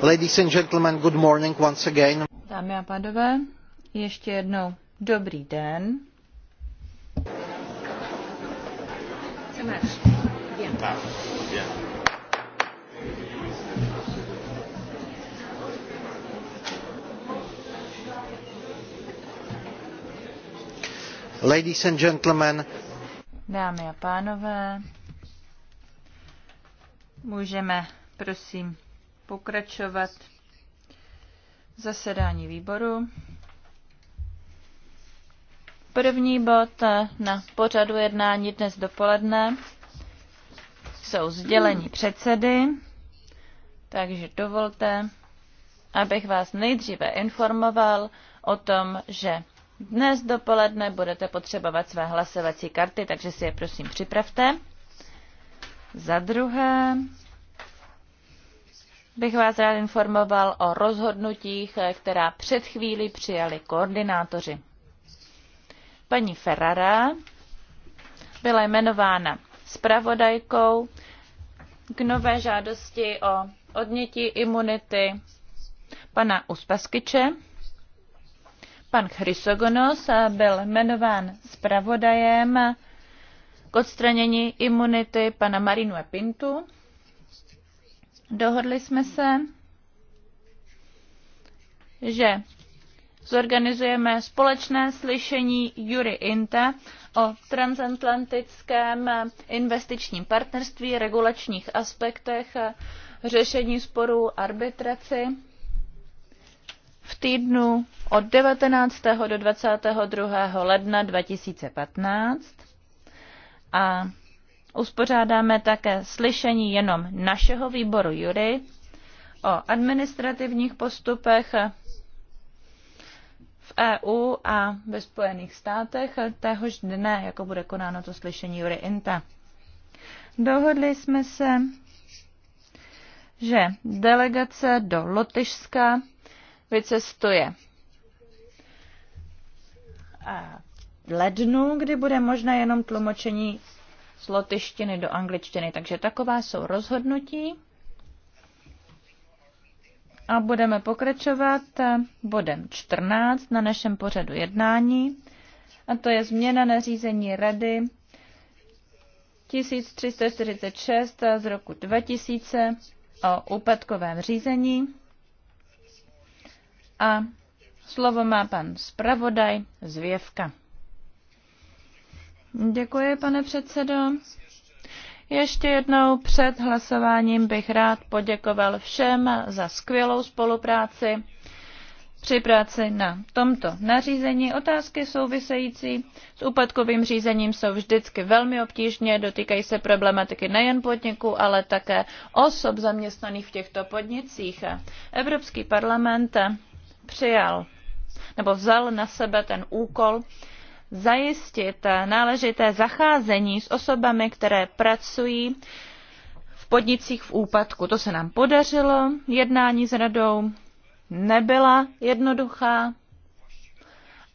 Ladies and gentlemen, good morning once again. Dámy a pánové, ještě jednou dobrý den. Ladies and gentlemen, Dámy a pánové, Můžeme, prosím, pokračovat zasedání výboru. První bod na pořadu jednání dnes dopoledne jsou sdělení předsedy, takže dovolte, abych vás nejdříve informoval o tom, že dnes dopoledne budete potřebovat své hlasovací karty, takže si je prosím připravte. Za druhé bych vás rád informoval o rozhodnutích, která před chvíli přijali koordinátoři. Paní Ferrara byla jmenována zpravodajkou k nové žádosti o odnětí imunity pana Uspaskyče. Pan Chrysogonos byl jmenován zpravodajem k odstranění imunity pana Marinu Pintu. Dohodli jsme se, že zorganizujeme společné slyšení Jury Inta o transatlantickém investičním partnerství, regulačních aspektech, řešení sporů, arbitraci v týdnu od 19. do 22. ledna 2015 a uspořádáme také slyšení jenom našeho výboru Jury o administrativních postupech v EU a ve Spojených státech téhož dne, jako bude konáno to slyšení Jury Inta. Dohodli jsme se, že delegace do Lotyšska vycestuje a lednu, kdy bude možné jenom tlumočení z lotyštiny do angličtiny. Takže taková jsou rozhodnutí. A budeme pokračovat bodem 14 na našem pořadu jednání, a to je změna nařízení Rady 1346 z roku 2000 o úpadkovém řízení. A slovo má pan zpravodaj Zvěvka. Děkuji, pane předsedo. Ještě jednou před hlasováním bych rád poděkoval všem za skvělou spolupráci při práci na tomto nařízení. Otázky související s úpadkovým řízením jsou vždycky velmi obtížně, dotýkají se problematiky nejen podniků, ale také osob zaměstnaných v těchto podnicích. Evropský parlament přijal nebo vzal na sebe ten úkol zajistit náležité zacházení s osobami, které pracují v podnicích v úpadku. To se nám podařilo. Jednání s radou nebyla jednoduchá,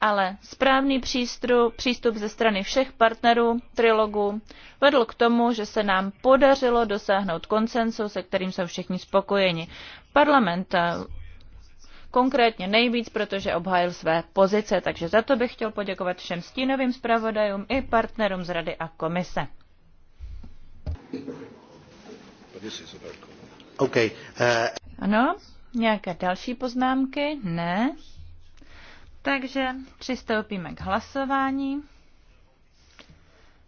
ale správný přístup, přístup ze strany všech partnerů trilogu vedl k tomu, že se nám podařilo dosáhnout konsensu, se kterým jsou všichni spokojeni. Parlament konkrétně nejvíc, protože obhájil své pozice, takže za to bych chtěl poděkovat všem stínovým zpravodajům i partnerům z Rady a komise. Okay, uh... Ano, nějaké další poznámky? Ne. Takže přistoupíme k hlasování.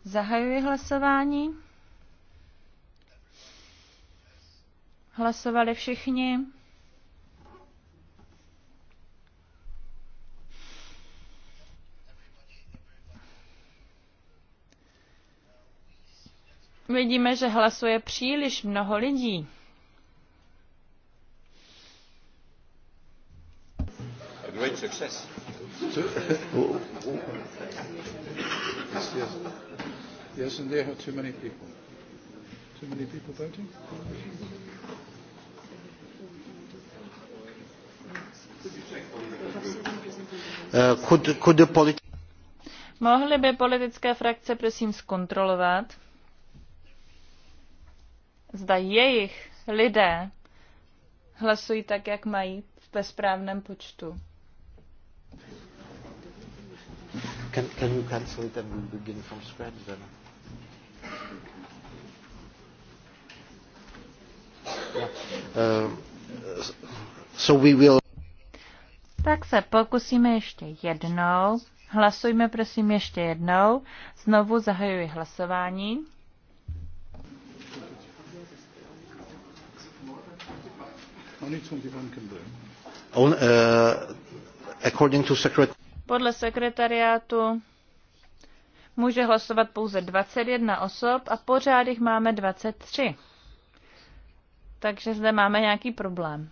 Zahajuji hlasování. Hlasovali všichni. vidíme, že hlasuje příliš mnoho lidí. yes, yes. yes, and too many people. Too many people voting? Uh, Mohly by politické frakce prosím zkontrolovat? zda jejich lidé hlasují tak, jak mají ve správném počtu. Can, can you cancel it and begin from scratch then? Uh, so we will... Tak se pokusíme ještě jednou. Hlasujme prosím ještě jednou. Znovu zahajuji hlasování. Uh, Podle sekretariátu může hlasovat pouze 21 osob a pořád jich máme 23. Takže zde máme nějaký problém.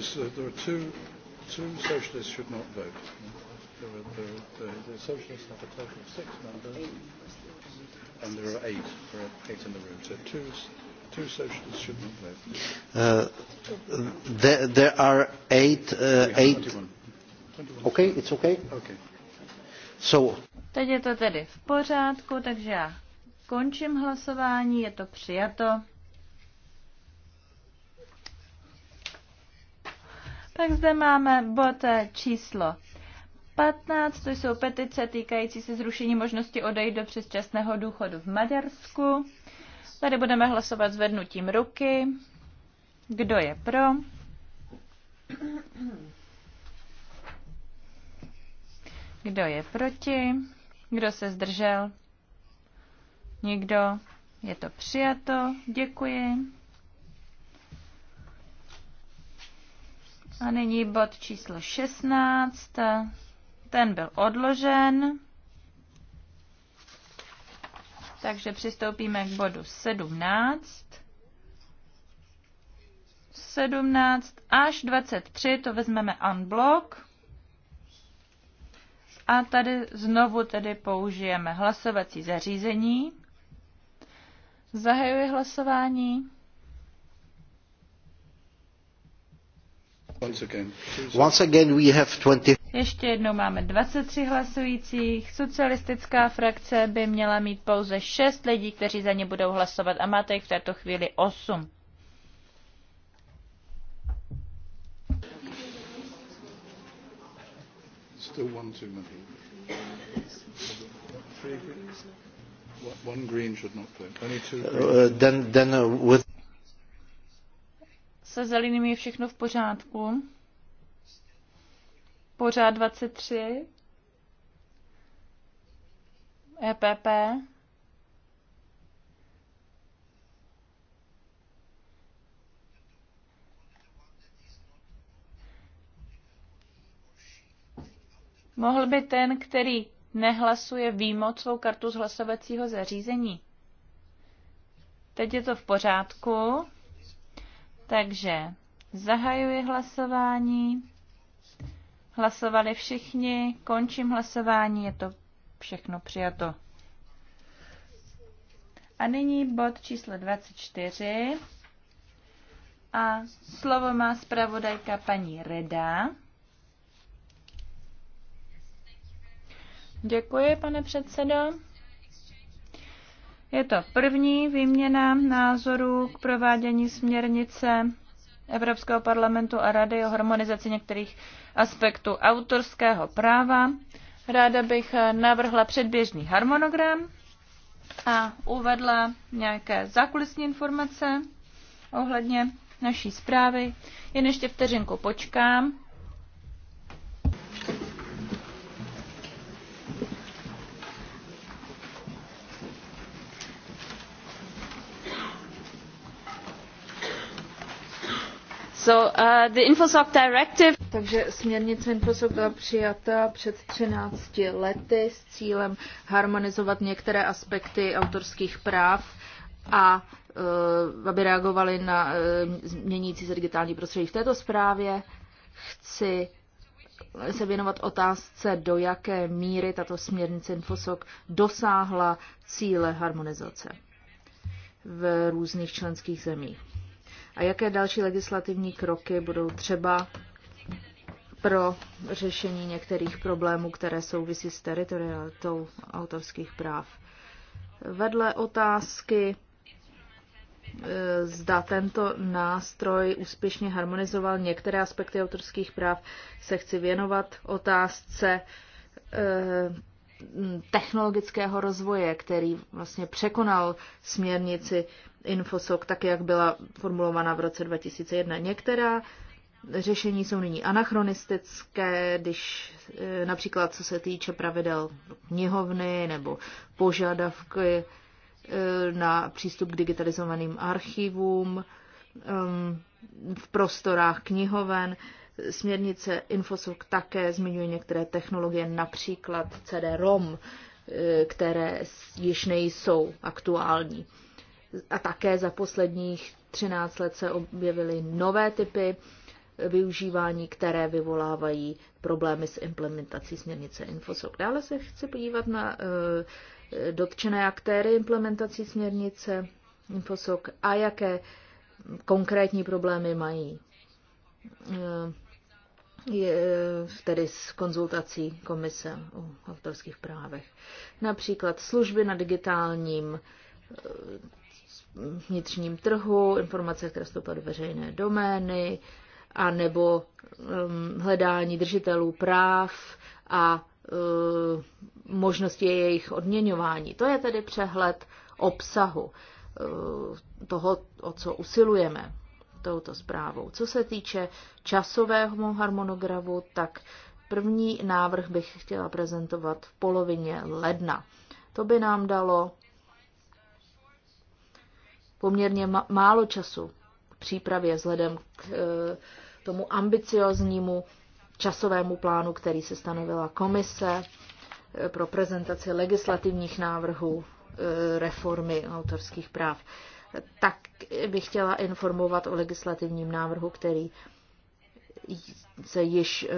is that uh, there are two, two socialists should not vote. There are, there are, the, the socialists have a total of six members, and there are eight, there are eight in the room. So two, two socialists should not vote. Uh, there, there are eight, uh, eight. 21. 21. Okay, it's okay. Okay. So. Teď je to tedy v pořádku, takže já končím hlasování, je to přijato. Tak zde máme bod eh, číslo 15, to jsou petice týkající se zrušení možnosti odejít do předčasného důchodu v Maďarsku. Tady budeme hlasovat zvednutím ruky. Kdo je pro? Kdo je proti? Kdo se zdržel? Nikdo. Je to přijato. Děkuji. A nyní bod číslo 16. Ten byl odložen. Takže přistoupíme k bodu 17. 17 až 23 to vezmeme unblock. A tady znovu tedy použijeme hlasovací zařízení. Zahajuji hlasování. Ještě jednou máme 23 hlasujících. Socialistická frakce by měla mít pouze 6 lidí, kteří za ně budou hlasovat a máte jich v této chvíli 8. Still one too many. One green should not play. Uh, then, then uh, with se zelenými je všechno v pořádku. Pořád 23. EPP. Mohl by ten, který nehlasuje, výmoc svou kartu z hlasovacího zařízení. Teď je to v pořádku. Takže zahajuji hlasování. Hlasovali všichni, končím hlasování, je to všechno přijato. A nyní bod číslo 24. A slovo má zpravodajka paní Reda. Děkuji, pane předsedo. Je to první výměna názorů k provádění směrnice Evropského parlamentu a Rady o harmonizaci některých aspektů autorského práva. Ráda bych navrhla předběžný harmonogram a uvedla nějaké zákulisní informace ohledně naší zprávy. Jen ještě vteřinku počkám. Uh, Takže směrnice Infosoc byla přijata před 13 lety s cílem harmonizovat některé aspekty autorských práv a uh, aby reagovali na uh, změnící měnící se digitální prostředí. V této zprávě chci se věnovat otázce, do jaké míry tato směrnice Infosok dosáhla cíle harmonizace v různých členských zemích a jaké další legislativní kroky budou třeba pro řešení některých problémů, které souvisí s teritorialitou autorských práv. Vedle otázky, e, zda tento nástroj úspěšně harmonizoval některé aspekty autorských práv, se chci věnovat otázce e, Mm, technologického rozvoje, který vlastně překonal směrnici Infosok, tak jak byla formulována v roce 2001. Některá řešení jsou nyní anachronistické, když e, například co se týče pravidel knihovny nebo požadavky e, na přístup k digitalizovaným archivům v prostorách knihoven. Směrnice Infosok také zmiňuje některé technologie, například CD-ROM, eh, které již nejsou aktuální. A také za posledních 13 let se objevily nové typy využívání, které vyvolávají problémy s implementací směrnice Infosoc. Dále se chci podívat na eh, dotčené aktéry implementací směrnice Infosoc a jaké konkrétní problémy mají. Eh, je eh, tedy s konzultací komise o autorských právech. Například služby na digitálním eh, vnitřním trhu, informace, které vstoupily do veřejné domény, a nebo hledání držitelů práv a možnosti jejich odměňování. To je tedy přehled obsahu toho, o co usilujeme touto zprávou. Co se týče časového harmonogramu, tak první návrh bych chtěla prezentovat v polovině ledna. To by nám dalo poměrně málo času k přípravě vzhledem k e, tomu ambicioznímu časovému plánu, který se stanovila komise e, pro prezentaci legislativních návrhů e, reformy autorských práv tak bych chtěla informovat o legislativním návrhu, který se již eh,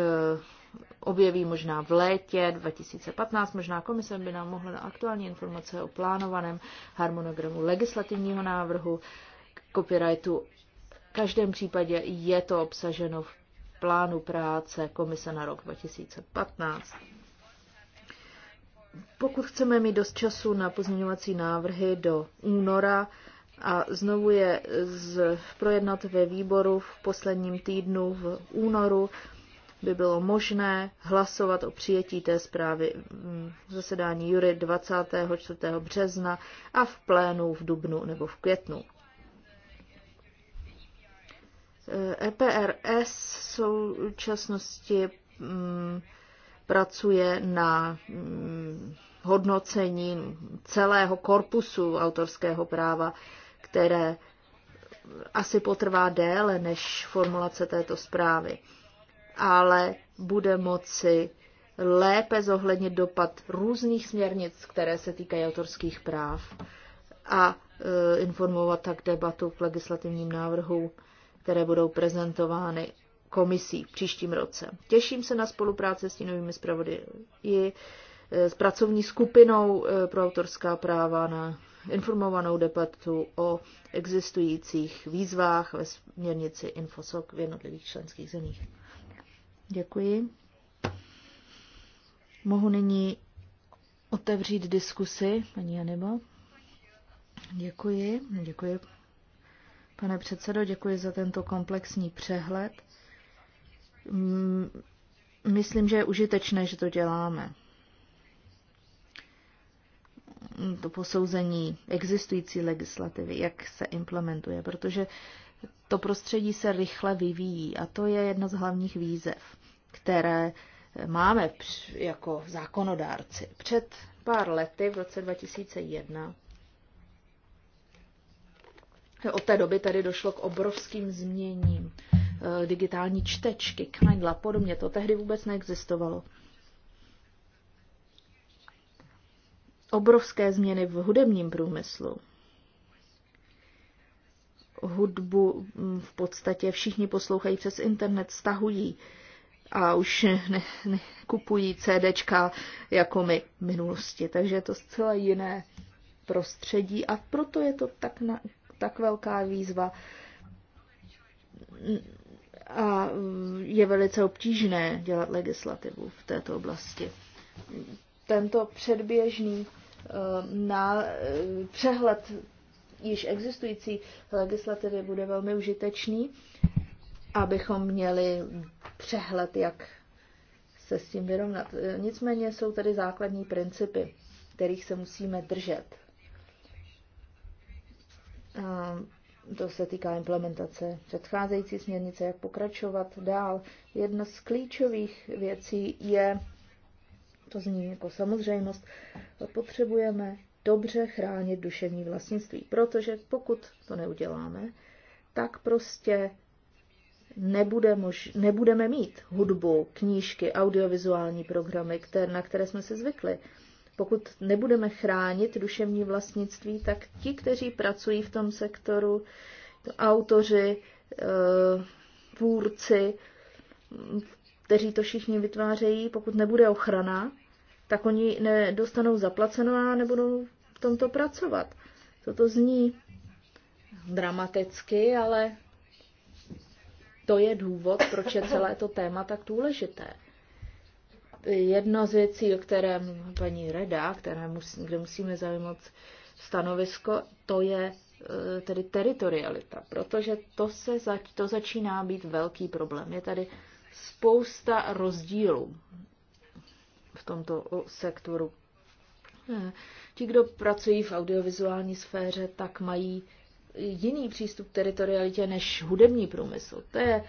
objeví možná v létě 2015. Možná komise by nám mohla na aktuální informace o plánovaném harmonogramu legislativního návrhu k copyrightu. V každém případě je to obsaženo v plánu práce komise na rok 2015. Pokud chceme mít dost času na pozměňovací návrhy do února, a znovu je z, projednat ve výboru v posledním týdnu v únoru by bylo možné hlasovat o přijetí té zprávy v zasedání jury 24. března a v plénu v dubnu nebo v květnu. EPRS v současnosti mm, pracuje na mm, hodnocení celého korpusu autorského práva které asi potrvá déle než formulace této zprávy, ale bude moci lépe zohlednit dopad různých směrnic, které se týkají autorských práv a e, informovat tak debatu k legislativním návrhu, které budou prezentovány komisí v příštím roce. Těším se na spolupráci s novými zpravodaji, e, s pracovní skupinou e, pro autorská práva na informovanou debatu o existujících výzvách ve směrnici InfoSoc v jednotlivých členských zemích. Děkuji. Mohu nyní otevřít diskusy, paní Janibo. Děkuji, děkuji. Pane předsedo, děkuji za tento komplexní přehled. Mm, myslím, že je užitečné, že to děláme to posouzení existující legislativy, jak se implementuje, protože to prostředí se rychle vyvíjí a to je jedna z hlavních výzev, které máme jako zákonodárci. Před pár lety, v roce 2001, od té doby tady došlo k obrovským změním eh, digitální čtečky, Kindle a podobně. To tehdy vůbec neexistovalo. obrovské změny v hudebním průmyslu. Hudbu mm, v podstatě všichni poslouchají přes internet, stahují a už ne, ne, kupují CDčka jako my v minulosti. Takže je to zcela jiné prostředí a proto je to tak, na, tak velká výzva a je velice obtížné dělat legislativu v této oblasti. Tento předběžný Eh, na eh, přehled již existující legislativy bude velmi užitečný, abychom měli přehled, jak se s tím vyrovnat. Eh, nicméně jsou tady základní principy, kterých se musíme držet. A to se týká implementace předcházející směrnice, jak pokračovat dál. Jedna z klíčových věcí je to zní jako samozřejmost, potřebujeme dobře chránit duševní vlastnictví, protože pokud to neuděláme, tak prostě nebude mož, nebudeme mít hudbu, knížky, audiovizuální programy, které, na které jsme se zvykli. Pokud nebudeme chránit duševní vlastnictví, tak ti, kteří pracují v tom sektoru, to autoři, eh, tvůrci, kteří to všichni vytvářejí, pokud nebude ochrana, tak oni nedostanou zaplaceno a nebudou v tomto pracovat. Co to zní dramaticky, ale to je důvod, proč je celé to téma tak důležité. Jedna z věcí, o které paní Reda, které musí, kde musíme zajímat stanovisko, to je e, tedy teritorialita, protože to, se zač, to začíná být velký problém. Je tady spousta rozdílů v tomto sektoru. Eh, ti, kdo pracují v audiovizuální sféře, tak mají jiný přístup k teritorialitě než hudební průmysl. To je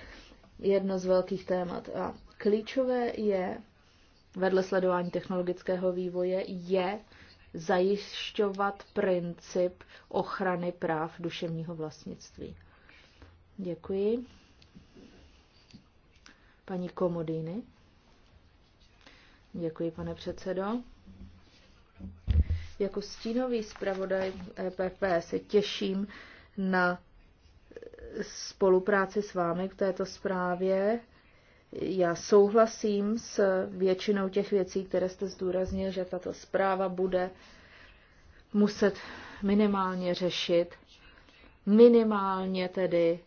jedno z velkých témat. A klíčové je, vedle sledování technologického vývoje, je zajišťovat princip ochrany práv duševního vlastnictví. Děkuji. Paní Komodýny. Děkuji, pane předsedo. Jako stínový zpravodaj EPP se těším na spolupráci s vámi v této zprávě. Já souhlasím s většinou těch věcí, které jste zdůraznil, že tato zpráva bude muset minimálně řešit, minimálně tedy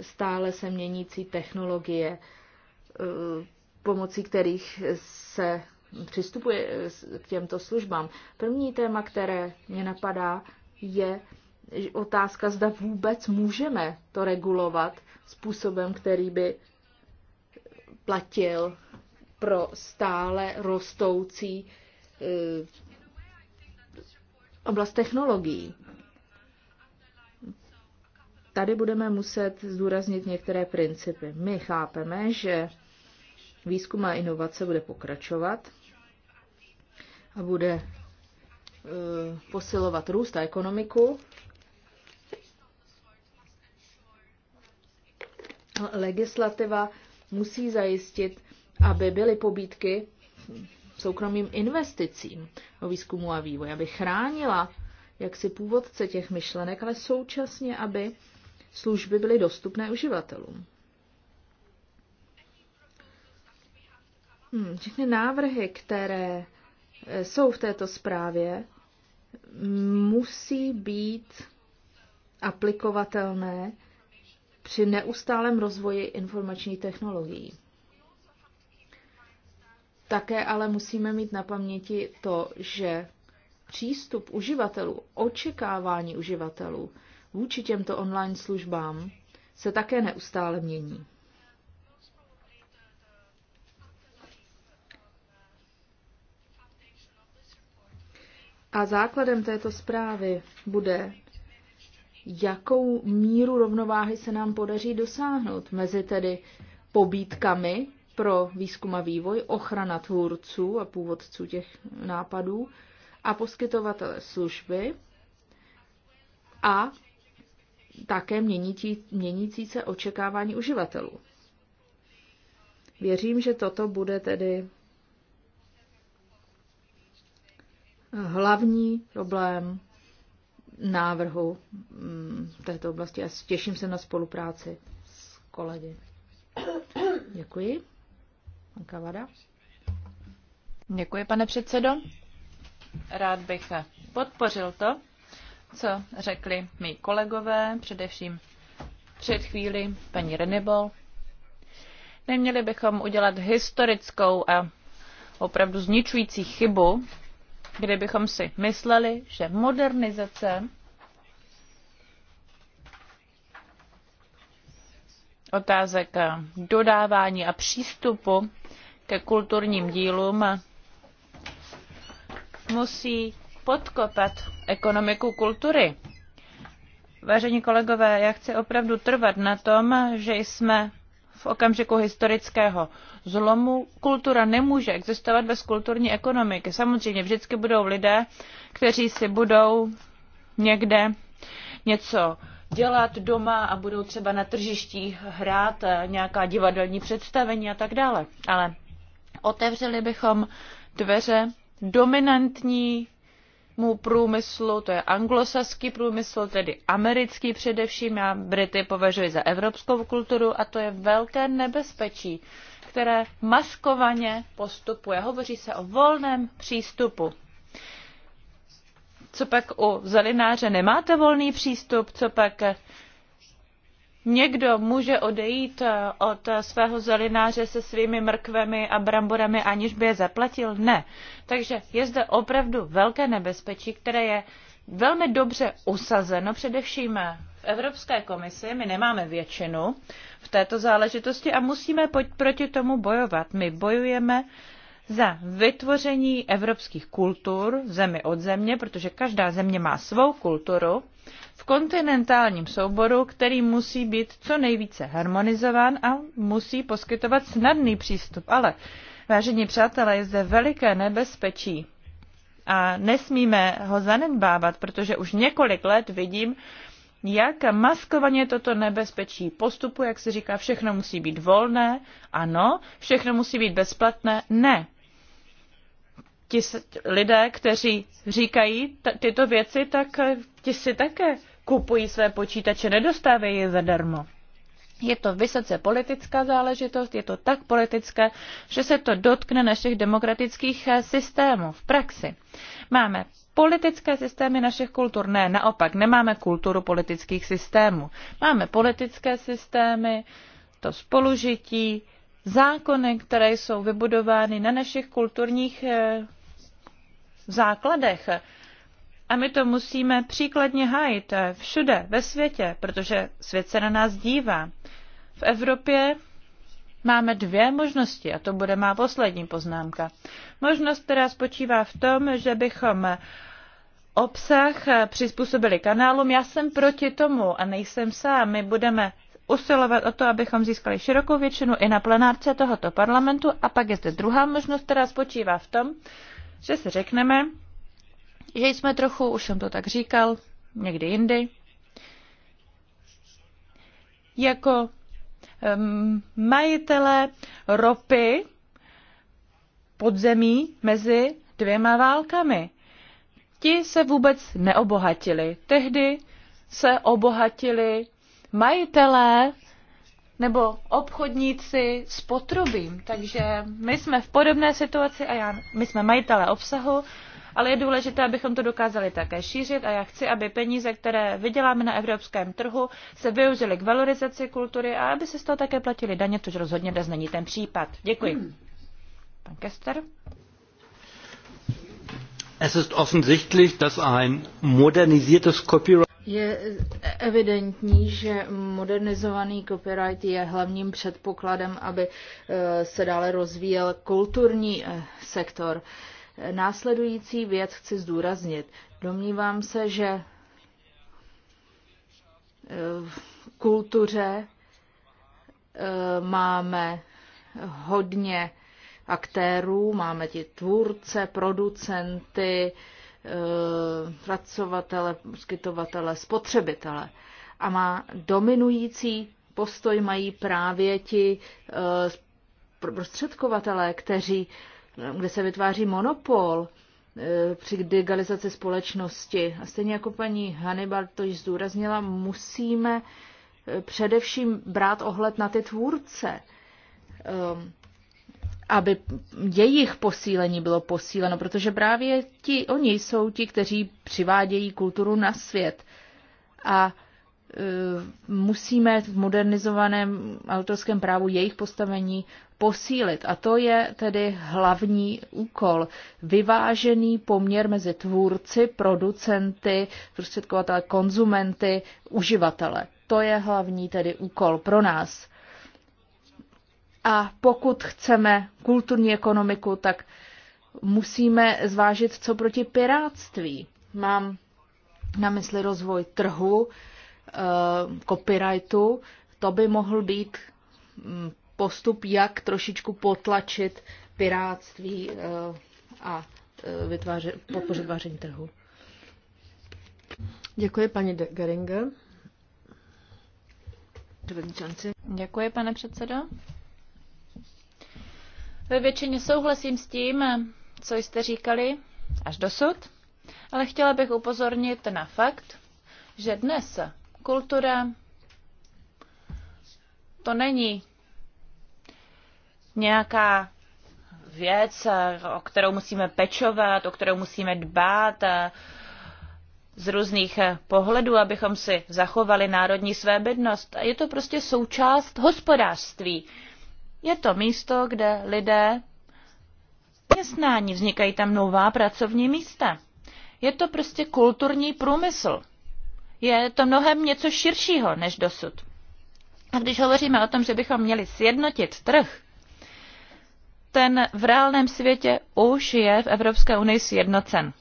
stále se měnící technologie, eh, pomocí kterých se přistupuje eh, k těmto službám. První téma, které mě napadá, je otázka, zda vůbec můžeme to regulovat způsobem, který by platil pro stále rostoucí eh, oblast technologií. Tady budeme muset zdůraznit některé principy. My chápeme, že výzkum a inovace bude pokračovat, a bude e, posilovat růst a ekonomiku. Legislativa musí zajistit, aby byly pobídky soukromým investicím o výzkumu a vývoj, aby chránila jak si původce těch myšlenek, ale současně, aby služby byly dostupné uživatelům. Hmm, všechny návrhy, které Eh, jsou v této zprávě, musí být aplikovatelné při neustálém rozvoji informačních technologií. Také ale musíme mít na paměti to, že přístup uživatelů, očekávání uživatelů vůči těmto online službám se také neustále mění. A základem této zprávy bude, jakou míru rovnováhy se nám podaří dosáhnout mezi tedy pobítkami pro výzkum a vývoj, ochrana tvůrců a původců těch nápadů a poskytovatele služby a také měnící, měnící se očekávání uživatelů. Věřím, že toto bude tedy hlavní problém návrhu v mm, této oblasti a těším se na spolupráci s kolegy. Děkuji. Pan Kavada. Děkuji, pane předsedo. Rád bych podpořil to, co řekli mý kolegové, především před chvíli paní Renibol. Neměli bychom udělat historickou a opravdu zničující chybu, kdybychom si mysleli, že modernizace otázek dodávání a přístupu ke kulturním dílům musí podkopat ekonomiku kultury. Vážení kolegové, já chci opravdu trvat na tom, že jsme v okamžiku historického zlomu. Kultura nemůže existovat bez kulturní ekonomiky. Samozřejmě vždycky budou lidé, kteří si budou někde něco dělat doma a budou třeba na tržištích hrát eh, nějaká divadelní představení a tak dále. Ale otevřeli bychom dveře dominantní mu průmyslu, to je anglosaský průmysl, tedy americký především, já Brity považuji za evropskou kulturu a to je velké nebezpečí, které maskovaně postupuje. Hovoří se o volném přístupu. Co pak u zelináře nemáte volný přístup, co pak Někdo může odejít eh, od svého zelináře se svými mrkvemi a bramborami, aniž by je zaplatil? Ne. Takže je zde opravdu velké nebezpečí, které je velmi dobře usazeno, především eh, v Evropské komisi. My nemáme většinu v této záležitosti a musíme proti tomu bojovat. My bojujeme za vytvoření evropských kultur zemi od země, protože každá země má svou kulturu, v kontinentálním souboru, který musí být co nejvíce harmonizován a musí poskytovat snadný přístup. Ale, vážení přátelé, je zde veliké nebezpečí a nesmíme ho zanedbávat, protože už několik let vidím, jak maskovaně toto nebezpečí postupu, jak se říká, všechno musí být volné, ano, všechno musí být bezplatné, ne. Ti lidé, kteří říkají tyto věci, tak ti si také kupují své počítače, nedostávají je zadarmo. Je to vysoce politická záležitost, je to tak politické, že se to dotkne našich demokratických eh, systémů v praxi. Máme politické systémy našich kultur. Ne, naopak, nemáme kulturu politických systémů. Máme politické systémy, to spolužití, zákony, které jsou vybudovány na našich kulturních eh, základech. A my to musíme příkladně hájit eh, všude ve světě, protože svět se na nás dívá. V Evropě máme dvě možnosti, a to bude má poslední poznámka. Možnost, která spočívá v tom, že bychom eh, obsah eh, přizpůsobili kanálům. Já jsem proti tomu a nejsem sám. My budeme usilovat o to, abychom získali širokou většinu i na plenárce tohoto parlamentu. A pak je zde druhá možnost, která spočívá v tom, že si řekneme, že jsme trochu, už jsem to tak říkal, někdy jindy, jako majitele ropy podzemí mezi dvěma válkami. Ti se vůbec neobohatili. Tehdy se obohatili majitelé nebo obchodníci s potrubím. Takže my jsme v podobné situaci a já, my jsme majitelé obsahu ale je důležité, abychom to dokázali také šířit a já chci, aby peníze, které vyděláme na evropském trhu, se využily k valorizaci kultury a aby se z toho také platili daně, což rozhodně dnes není ten případ. Děkuji. Pan Kester. Es ist offensichtlich, dass ein modernisiertes Copyright je evidentní, že modernizovaný copyright je hlavním předpokladem, aby eh, se dále rozvíjel kulturní eh, sektor. Následující věc chci zdůraznit. Domnívám se, že eh, v kultuře eh, máme hodně aktérů, máme ti tvůrce, producenty, eh, pracovatele, poskytovatele, spotřebitele. A má dominující postoj mají právě ti prostředkovatelé, kteří kde se vytváří monopol e, při digitalizaci společnosti. A stejně jako paní Hannibal to již zdůraznila, musíme e, především brát ohled na ty tvůrce, e, aby jejich posílení bylo posíleno, protože právě ti, oni jsou ti, kteří přivádějí kulturu na svět. A Eh, musíme v modernizovaném autorském právu jejich postavení posílit. A to je tedy hlavní úkol. Vyvážený poměr mezi tvůrci, producenty, prostředkovatele, konzumenty, uživatele. To je hlavní tedy úkol pro nás. A pokud chceme kulturní ekonomiku, tak musíme zvážit, co proti piráctví. Mám na mysli rozvoj trhu, Eh, copyrightu, to by mohl být mm, postup, jak trošičku potlačit piráctví eh, a eh, podpořit vaření trhu. Děkuji, paní De Geringer. Děkuji, pane předsedo. Ve většině souhlasím s tím, co jste říkali až dosud, ale chtěla bych upozornit na fakt, že dnes Kultura to není nějaká věc, o kterou musíme pečovat, o kterou musíme dbát eh, z různých eh, pohledů, abychom si zachovali národní A Je to prostě součást hospodářství. Je to místo, kde lidé městnání vznikají tam nová pracovní místa. Je to prostě kulturní průmysl je to mnohem něco širšího než dosud. A když hovoříme o tom, že bychom měli sjednotit trh, ten v reálném světě už je v Evropské unii sjednocen.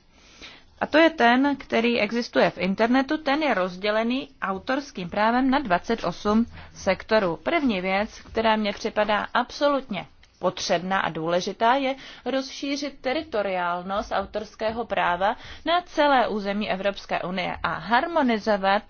A to je ten, který existuje v internetu, ten je rozdělený autorským právem na 28 sektorů. První věc, která mě připadá absolutně potřebná a důležitá, je rozšířit teritoriálnost autorského práva na celé území Evropské unie a harmonizovat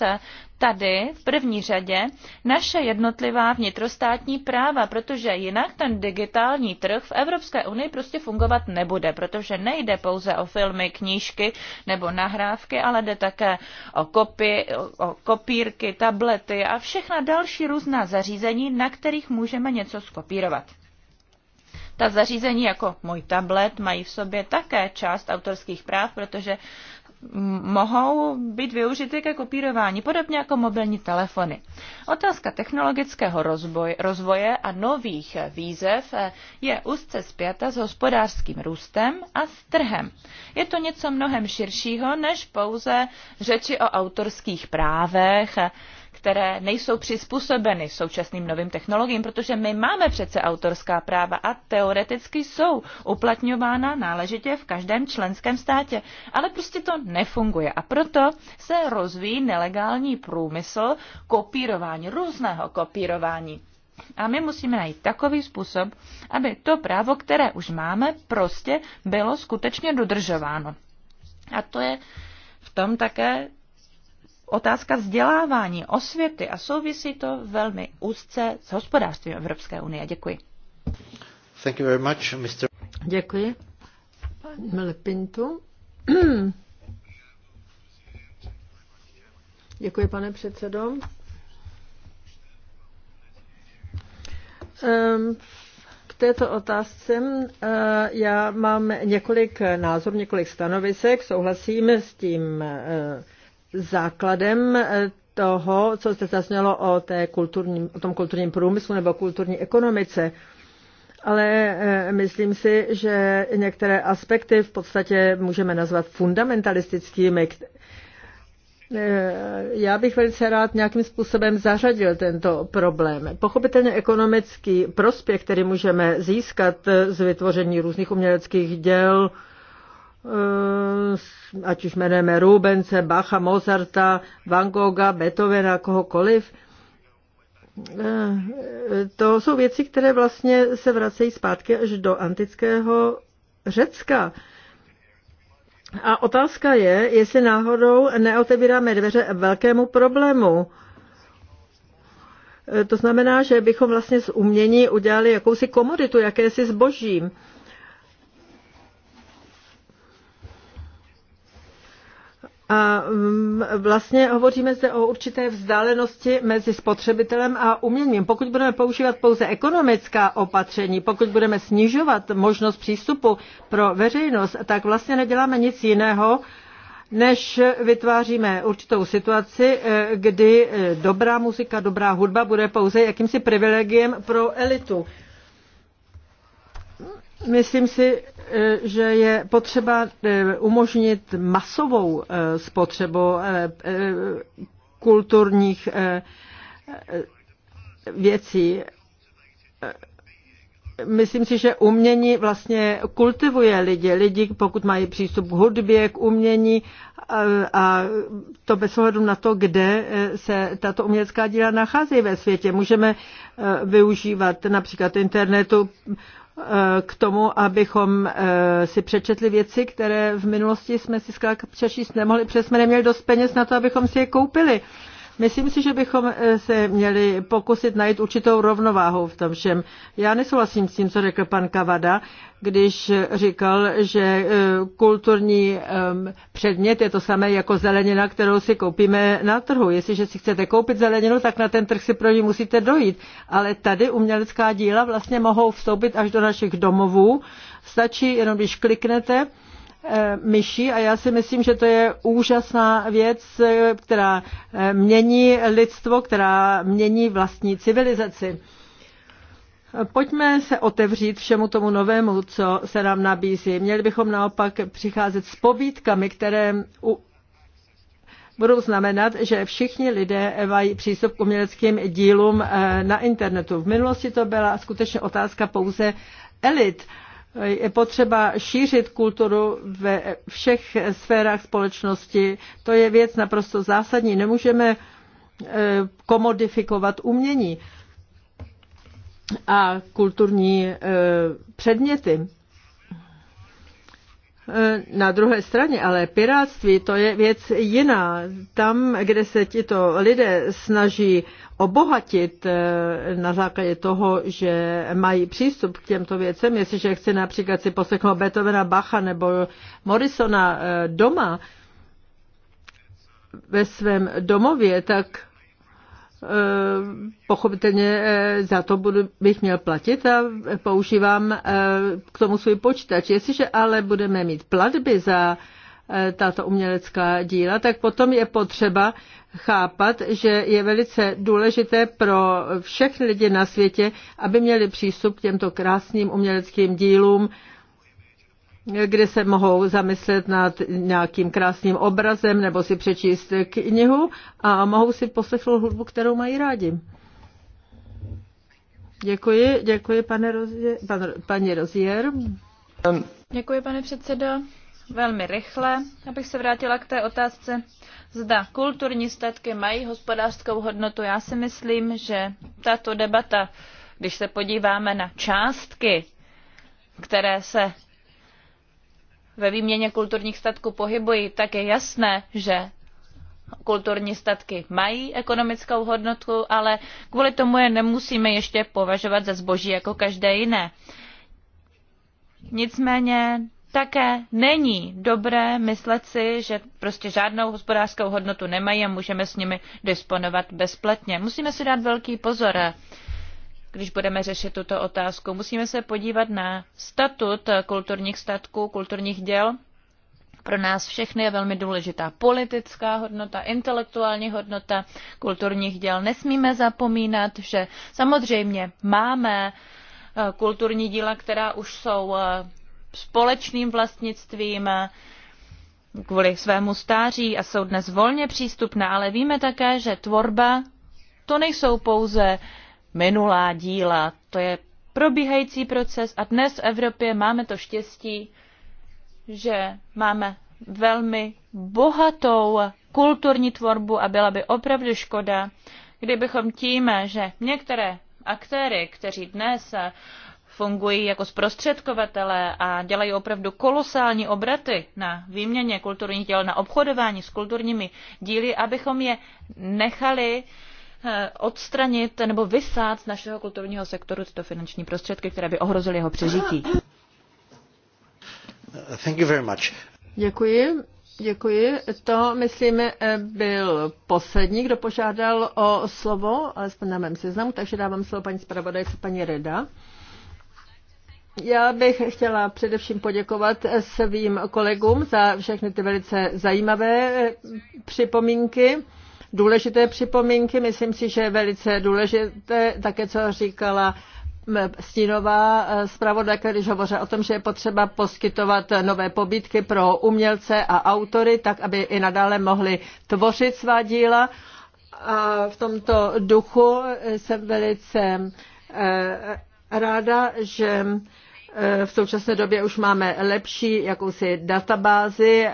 tady v první řadě naše jednotlivá vnitrostátní práva, protože jinak ten digitální trh v Evropské unii prostě fungovat nebude, protože nejde pouze o filmy, knížky nebo nahrávky, ale jde také o, kopi, o kopírky, tablety a všechna další různá zařízení, na kterých můžeme něco skopírovat. Ta zařízení jako můj tablet mají v sobě také část autorských práv, protože mohou být využity ke kopírování, podobně jako mobilní telefony. Otázka technologického rozboj, rozvoje a nových výzev je úzce zpěta s hospodářským růstem a s trhem. Je to něco mnohem širšího než pouze řeči o autorských právech které nejsou přizpůsobeny současným novým technologiím, protože my máme přece autorská práva a teoreticky jsou uplatňována náležitě v každém členském státě. Ale prostě to nefunguje a proto se rozvíjí nelegální průmysl kopírování, různého kopírování. A my musíme najít takový způsob, aby to právo, které už máme, prostě bylo skutečně dodržováno. A to je v tom také otázka vzdělávání, osvěty a souvisí to velmi úzce s hospodářstvím Evropské unie. Děkuji. Thank you very much, Mr. Děkuji. Pan Melepintu. Děkuji, pane předsedo. K této otázce já mám několik názorů, několik stanovisek. Souhlasím s tím základem eh, toho, co jste zaznělo o, té kulturní, o tom kulturním průmyslu nebo kulturní ekonomice. Ale eh, myslím si, že některé aspekty v podstatě můžeme nazvat fundamentalistickými. Eh, já bych velice rád nějakým způsobem zařadil tento problém. Pochopitelně ekonomický prospěch, který můžeme získat z vytvoření různých uměleckých děl, Eh, ať už jmenujeme Rubence, Bacha, Mozarta, Van Gogha, Beethovena, kohokoliv, eh, to jsou věci, které vlastně se vracejí zpátky až do antického Řecka. A otázka je, jestli náhodou neotevíráme dveře velkému problému. Eh, to znamená, že bychom vlastně z umění udělali jakousi komoditu, jakési zbožím. A mm, vlastně hovoříme zde o určité vzdálenosti mezi spotřebitelem a uměním. Pokud budeme používat pouze ekonomická opatření, pokud budeme snižovat možnost přístupu pro veřejnost, tak vlastně neděláme nic jiného, než vytváříme určitou situaci, eh, kdy eh, dobrá muzika, dobrá hudba bude pouze jakýmsi privilegiem pro elitu. Myslím si, eh, že je potřeba eh, umožnit masovou eh, spotřebu kulturních věcí. Myslím si, že umění vlastně kultivuje lidi. Lidi, pokud mají přístup k hudbě, k umění a to bez ohledu na to, kde se tato umělecká díla nachází ve světě. Můžeme využívat například internetu Eh, k tomu, abychom eh, si přečetli věci, které v minulosti jsme si zkrátka přečíst nemohli, protože jsme neměli dost peněz na to, abychom si je koupili. Myslím si, že bychom eh, se měli pokusit najít určitou rovnováhu v tom všem. Já nesouhlasím s tím, co řekl pan Kavada, když říkal, že eh, kulturní eh, předmět je to samé jako zelenina, kterou si koupíme na trhu. Jestliže si chcete koupit zeleninu, tak na ten trh si pro ní musíte dojít. Ale tady umělecká díla vlastně mohou vstoupit až do našich domovů. Stačí jenom, když kliknete Eh, myší a já si myslím, že to je úžasná věc, eh, která eh, mění lidstvo, která mění vlastní civilizaci. Pojďme se otevřít všemu tomu novému, co se nám nabízí. Měli bychom naopak přicházet s povídkami, které u budou znamenat, že všichni lidé mají přístup k uměleckým dílům na internetu. V minulosti to byla skutečně otázka pouze elit. Je potřeba šířit kulturu ve všech sférách společnosti. To je věc naprosto zásadní. Nemůžeme eh, komodifikovat umění a kulturní eh, předměty. Eh, na druhé straně ale piráctví to je věc jiná. Tam, kde se tito lidé snaží obohatit eh, na základě toho, že mají přístup k těmto věcem, jestliže chci například si poslechnout Beethovena, Bacha nebo Morrisona eh, doma, ve svém domově, tak Eh, pochopitelně eh, za to budu, bych měl platit a používám eh, k tomu svůj počítač. Jestliže ale budeme mít platby za tato umělecká díla, tak potom je potřeba chápat, že je velice důležité pro všechny lidi na světě, aby měli přístup k těmto krásným uměleckým dílům, kde se mohou zamyslet nad nějakým krásným obrazem nebo si přečíst knihu a mohou si poslechnout hudbu, kterou mají rádi. Děkuji, děkuji pane Rozier, pan, paní Rozier. Děkuji, pane předsedo. Velmi rychle, abych se vrátila k té otázce, zda kulturní statky mají hospodářskou hodnotu. Já si myslím, že tato debata, když se podíváme na částky, které se ve výměně kulturních statků pohybují, tak je jasné, že kulturní statky mají ekonomickou hodnotu, ale kvůli tomu je nemusíme ještě považovat za zboží jako každé jiné. Nicméně také není dobré myslet si, že prostě žádnou hospodářskou hodnotu nemají a můžeme s nimi disponovat bezplatně. Musíme si dát velký pozor když budeme řešit tuto otázku. Musíme se podívat na statut kulturních statků, kulturních děl. Pro nás všechny je velmi důležitá politická hodnota, intelektuální hodnota kulturních děl. Nesmíme zapomínat, že samozřejmě máme eh, kulturní díla, která už jsou eh, společným vlastnictvím eh, kvůli svému stáří a jsou dnes volně přístupná, ale víme také, že tvorba to nejsou pouze minulá díla. To je probíhající proces a dnes v Evropě máme to štěstí, že máme velmi bohatou kulturní tvorbu a byla by opravdu škoda, kdybychom tím, že některé aktéry, kteří dnes fungují jako zprostředkovatele a dělají opravdu kolosální obraty na výměně kulturních děl, na obchodování s kulturními díly, abychom je nechali uh, Eh, odstranit nebo vysát z našeho kulturního sektoru tyto finanční prostředky, které by ohrozily jeho přežití. Thank you very much. Děkuji. Děkuji. To, myslím, eh, byl poslední, kdo požádal o slovo, alespoň na mém seznamu, takže dávám slovo paní zpravodajce, paní Reda. Já bych chtěla především poděkovat svým kolegům za všechny ty velice zajímavé eh, připomínky důležité připomínky. Myslím si, že je velice důležité také, co říkala Stínová e, zpravodaj, když hovoří o tom, že je potřeba poskytovat nové pobídky pro umělce a autory, tak aby i nadále mohli tvořit svá díla. A v tomto duchu jsem velice e, ráda, že e, v současné době už máme lepší jakousi databázi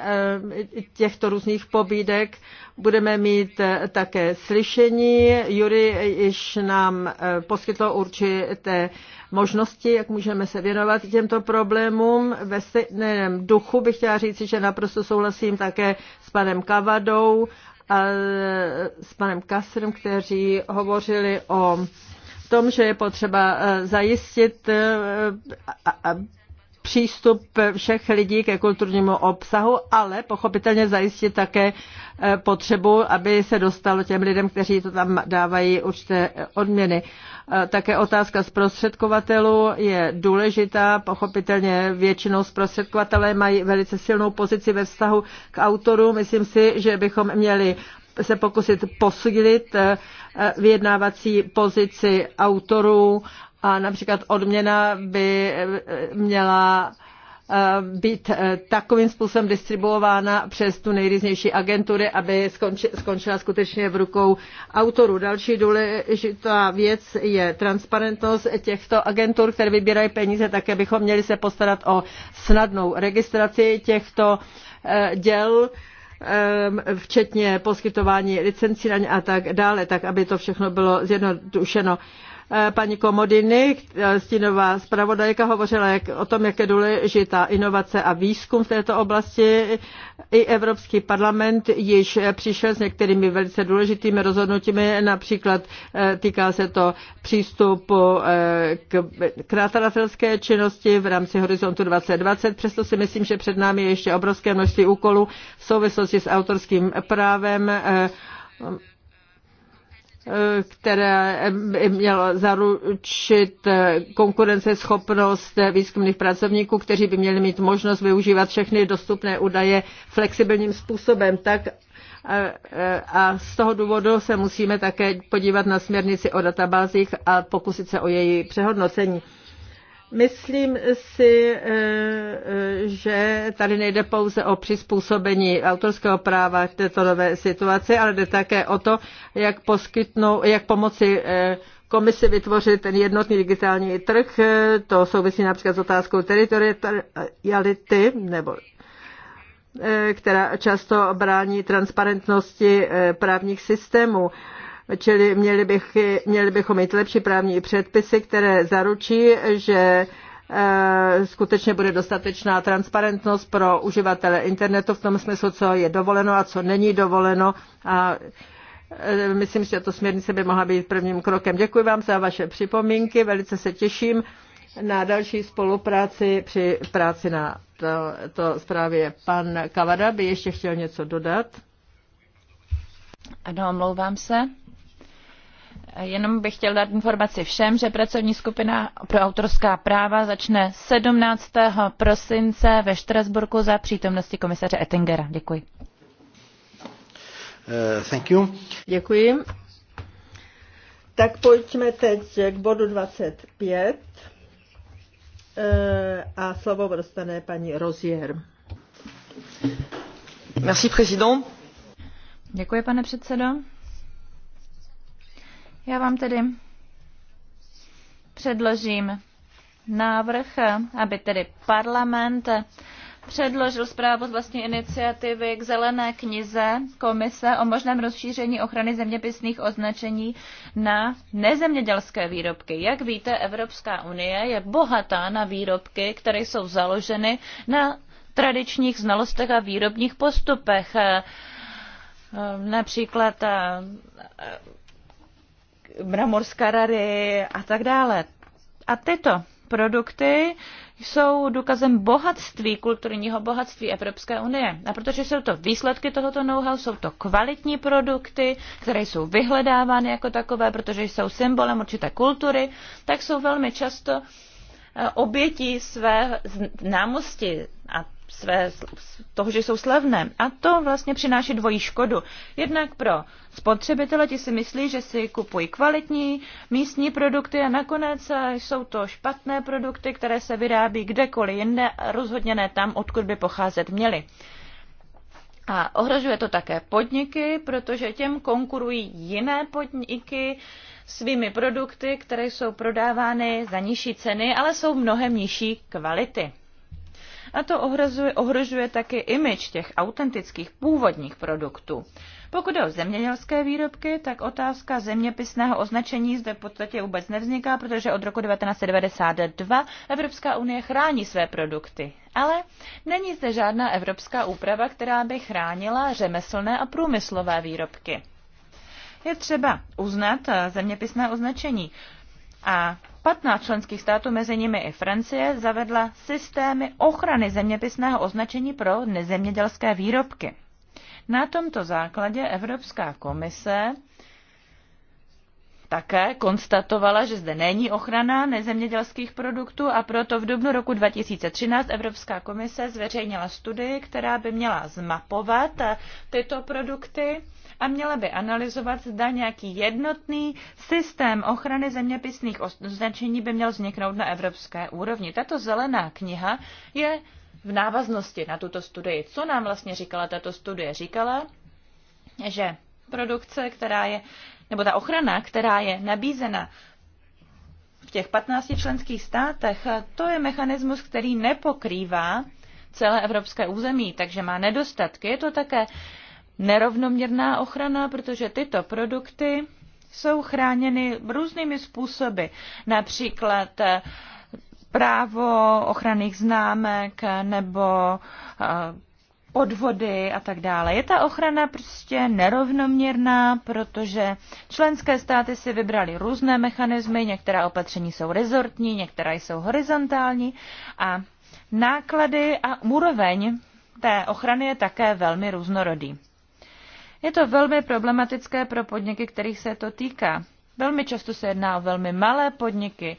těchto různých pobídek Budeme mít eh, také slyšení. Jury již nám eh, poskytlo určité možnosti, jak můžeme se věnovat těmto problémům. Ve stejném duchu bych chtěla říct, že naprosto souhlasím také s panem Kavadou a eh, s panem Kasrem, kteří hovořili o tom, že je potřeba zajistit přístup všech lidí ke kulturnímu obsahu, ale pochopitelně zajistit také eh, potřebu, aby se dostalo těm lidem, kteří to tam dávají určité odměny. Eh, také otázka zprostředkovatelů je důležitá. Pochopitelně většinou zprostředkovatelé mají velice silnou pozici ve vztahu k autoru. Myslím si, že bychom měli se pokusit posílit eh, vyjednávací pozici autorů a například odměna by eh, měla eh, být eh, takovým způsobem distribuována přes tu nejrůznější agentury, aby skončila skutečně v rukou autorů. Další důležitá věc je transparentnost těchto agentur, které vybírají peníze, také bychom měli se postarat o snadnou registraci těchto děl včetně poskytování licencí a tak dále, tak aby to všechno bylo zjednodušeno. Eh, paní Komodiny, eh, stínová zpravodajka, hovořila jak, o tom, jak je důležitá inovace a výzkum v této oblasti. I Evropský parlament již eh, přišel s některými velice důležitými rozhodnutími, například týká se to přístupu k krátaratelské činnosti v rámci Horizontu 2020. Přesto si myslím, že před námi je ještě obrovské množství úkolů v souvislosti s autorským právem které by mělo zaručit konkurenceschopnost výzkumných pracovníků, kteří by měli mít možnost využívat všechny dostupné údaje flexibilním způsobem, tak a z toho důvodu se musíme také podívat na směrnici o databázích a pokusit se o její přehodnocení. Myslím si, eh, eh, že tady nejde pouze o přizpůsobení autorského práva v této nové situaci, ale jde také o to, jak, poskytnou, jak pomoci eh, komisi vytvořit ten jednotný digitální trh. To souvisí například s otázkou teritoriality nebo která často brání transparentnosti právních systémů. Čili měli, bych, měli bychom mít lepší právní předpisy, které zaručí, že e, skutečně bude dostatečná transparentnost pro uživatele internetu v tom smyslu, co je dovoleno a co není dovoleno. A e, myslím, že to směrnice by mohla být prvním krokem. Děkuji vám za vaše připomínky, velice se těším na další spolupráci při práci na to, to zprávě. Pan Kavada by ještě chtěl něco dodat. Ano, omlouvám se. Jenom bych chtěl dát informaci všem, že pracovní skupina pro autorská práva začne 17. prosince ve Štrasburku za přítomnosti komisaře Ettingera. Děkuji. Eh, thank you. Děkuji. Tak pojďme teď k bodu 25 eh, a slovo dostane paní Rozier. Merci, président. Děkuji, pane předsedo. Já vám tedy předložím návrh, aby tedy parlament předložil zprávu z vlastní iniciativy k zelené knize Komise o možném rozšíření ochrany zeměpisných označení na nezemědělské výrobky. Jak víte, Evropská unie je bohatá na výrobky, které jsou založeny na tradičních znalostech a výrobních postupech. Například mramorskárary a tak dále. A tyto produkty jsou důkazem bohatství, kulturního bohatství Evropské unie. A protože jsou to výsledky tohoto know-how, jsou to kvalitní produkty, které jsou vyhledávány jako takové, protože jsou symbolem určité kultury, tak jsou velmi často eh, obětí své známosti a své, toho, že jsou slavné. A to vlastně přináší dvojí škodu. Jednak pro spotřebitele, ti si myslí, že si kupují kvalitní místní produkty a nakonec jsou to špatné produkty, které se vyrábí kdekoliv jinde a rozhodně ne tam, odkud by pocházet měly. A ohrožuje to také podniky, protože těm konkurují jiné podniky svými produkty, které jsou prodávány za nižší ceny, ale jsou mnohem nižší kvality a to ohrozuje, ohrožuje taky imič těch autentických původních produktů. Pokud jde o zemědělské výrobky, tak otázka zeměpisného označení zde v podstatě vůbec nevzniká, protože od roku 1992 Evropská unie chrání své produkty. Ale není zde žádná evropská úprava, která by chránila řemeslné a průmyslové výrobky. Je třeba uznat eh, zeměpisné označení. A 15 členských států, mezi nimi i Francie, zavedla systémy ochrany zeměpisného označení pro nezemědělské výrobky. Na tomto základě Evropská komise také konstatovala, že zde není ochrana nezemědělských produktů a proto v dubnu roku 2013 Evropská komise zveřejnila studii, která by měla zmapovat tyto produkty a měla by analyzovat, zda nějaký jednotný systém ochrany zeměpisných označení by měl vzniknout na evropské úrovni. Tato zelená kniha je v návaznosti na tuto studii. Co nám vlastně říkala tato studie? Říkala, že produkce, která je, nebo ta ochrana, která je nabízena v těch 15 členských státech, to je mechanismus, který nepokrývá celé evropské území, takže má nedostatky. Je to také nerovnoměrná ochrana, protože tyto produkty jsou chráněny různými způsoby, například eh, právo ochranných známek nebo eh, podvody a tak dále. Je ta ochrana prostě nerovnoměrná, protože členské státy si vybrali různé mechanismy, některá opatření jsou rezortní, některá jsou horizontální a náklady a úroveň té ochrany je také velmi různorodý. Je to velmi problematické pro podniky, kterých se to týká. Velmi často se jedná o velmi malé podniky,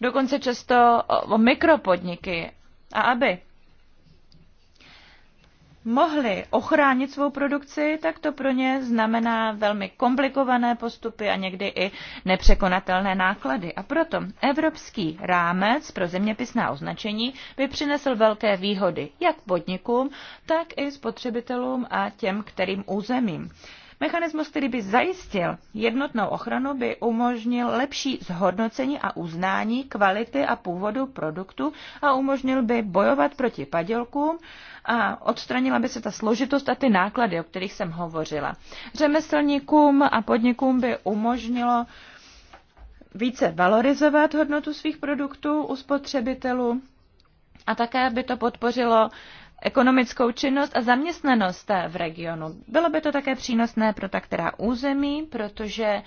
dokonce často o mikropodniky. A aby mohli ochránit svou produkci, tak to pro ně znamená velmi komplikované postupy a někdy i nepřekonatelné náklady. A proto evropský rámec pro zeměpisná označení by přinesl velké výhody jak podnikům, tak i spotřebitelům a těm, kterým územím. Mechanismus, který by zajistil jednotnou ochranu, by umožnil lepší zhodnocení a uznání kvality a původu produktu a umožnil by bojovat proti padělkům a odstranila by se ta složitost a ty náklady, o kterých jsem hovořila. Řemeslníkům a podnikům by umožnilo více valorizovat hodnotu svých produktů u spotřebitelů a také by to podpořilo ekonomickou činnost a zaměstnanost v regionu. Bylo by to také přínosné pro ta která území, protože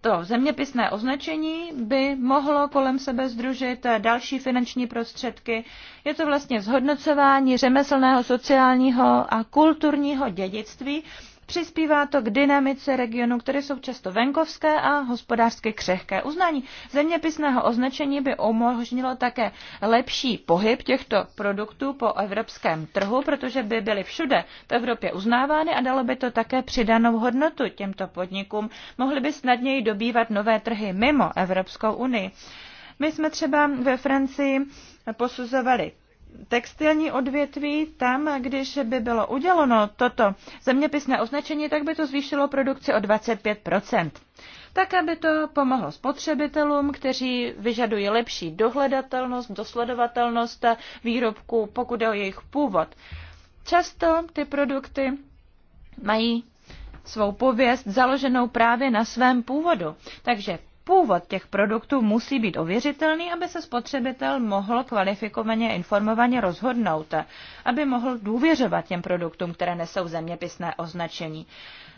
to zeměpisné označení by mohlo kolem sebe združit další finanční prostředky. Je to vlastně zhodnocování řemeslného, sociálního a kulturního dědictví Přispívá to k dynamice regionů, které jsou často venkovské a hospodářsky křehké. Uznání zeměpisného označení by umožnilo také lepší pohyb těchto produktů po evropském trhu, protože by byly všude v Evropě uznávány a dalo by to také přidanou hodnotu těmto podnikům. Mohly by snadněji dobývat nové trhy mimo Evropskou unii. My jsme třeba ve Francii posuzovali textilní odvětví, tam, když by bylo uděleno toto zeměpisné označení, tak by to zvýšilo produkci o 25 tak aby to pomohlo spotřebitelům, kteří vyžadují lepší dohledatelnost, dosledovatelnost výrobků, pokud je o jejich původ. Často ty produkty mají svou pověst založenou právě na svém původu. Takže Původ těch produktů musí být ověřitelný, aby se spotřebitel mohl kvalifikovaně informovaně rozhodnout, aby mohl důvěřovat těm produktům, které nesou zeměpisné označení.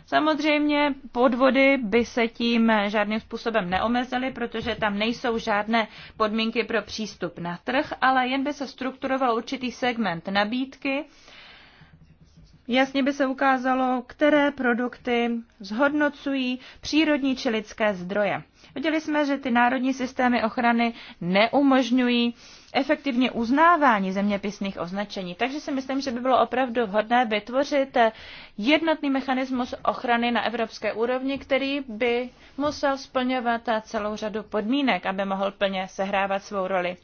Samozřejmě podvody by se tím žádným způsobem neomezily, protože tam nejsou žádné podmínky pro přístup na trh, ale jen by se strukturoval určitý segment nabídky, Jasně by se ukázalo, které produkty zhodnocují přírodní či lidské zdroje. Viděli jsme, že ty národní systémy ochrany neumožňují efektivně uznávání zeměpisných označení. Takže si myslím, že by bylo opravdu vhodné vytvořit jednotný mechanismus ochrany na evropské úrovni, který by musel splňovat celou řadu podmínek, aby mohl plně sehrávat svou roli.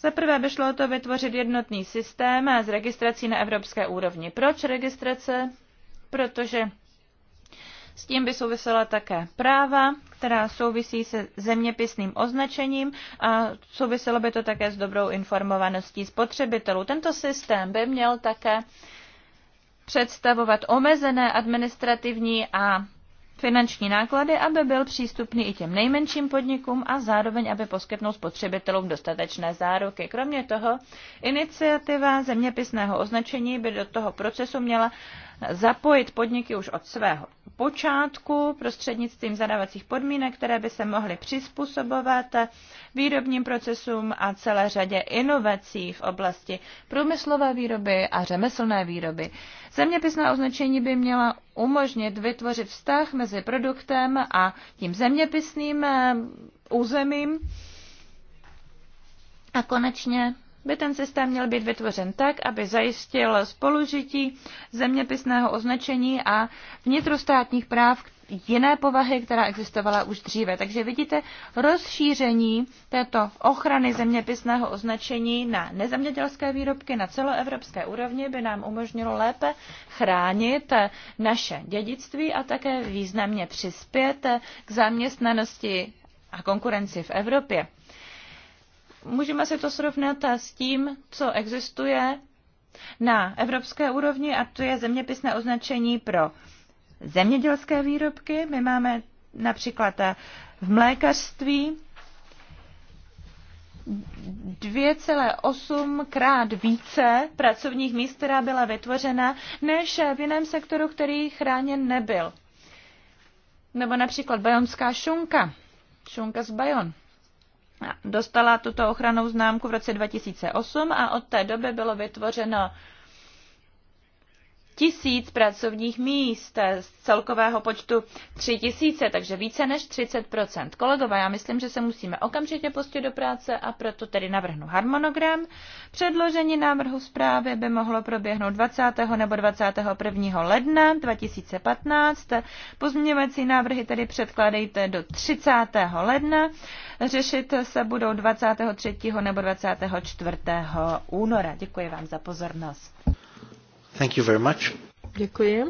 Za prvé by šlo o to vytvořit jednotný systém s registrací na evropské úrovni. Proč registrace? Protože s tím by souvisela také práva, která souvisí se zeměpisným označením a souviselo by to také s dobrou informovaností spotřebitelů. Tento systém by měl také představovat omezené administrativní a finanční náklady, aby byl přístupný i těm nejmenším podnikům a zároveň, aby poskytnul spotřebitelům dostatečné záruky. Kromě toho, iniciativa zeměpisného označení by do toho procesu měla zapojit podniky už od svého počátku prostřednictvím zadávacích podmínek, které by se mohly přizpůsobovat výrobním procesům a celé řadě inovací v oblasti průmyslové výroby a řemeslné výroby. Zeměpisná označení by měla umožnit vytvořit vztah mezi produktem a tím zeměpisným eh, územím. A konečně by ten systém měl být vytvořen tak, aby zajistil spolužití zeměpisného označení a vnitrostátních práv jiné povahy, která existovala už dříve. Takže vidíte rozšíření této ochrany zeměpisného označení na nezemědělské výrobky na celoevropské úrovni by nám umožnilo lépe chránit naše dědictví a také významně přispět k zaměstnanosti a konkurenci v Evropě můžeme si to srovnat s tím, co existuje na evropské úrovni, a to je zeměpisné označení pro zemědělské výrobky. My máme například eh, v mlékařství 2,8 krát více pracovních míst, která byla vytvořena, než v jiném sektoru, který chráněn nebyl. Nebo například bajonská šunka, šunka z Bajon dostala tuto ochranou známku v roce 2008 a od té doby bylo vytvořeno tisíc pracovních míst z celkového počtu 3 tisíce, takže více než 30 Kolegové, já myslím, že se musíme okamžitě pustit do práce a proto tedy navrhnu harmonogram. Předložení návrhu zprávy by mohlo proběhnout 20. nebo 21. ledna 2015. Pozměňovací návrhy tedy předkládejte do 30. ledna. Řešit se budou 23. nebo 24. února. Děkuji vám za pozornost. Thank you very much. Děkuji.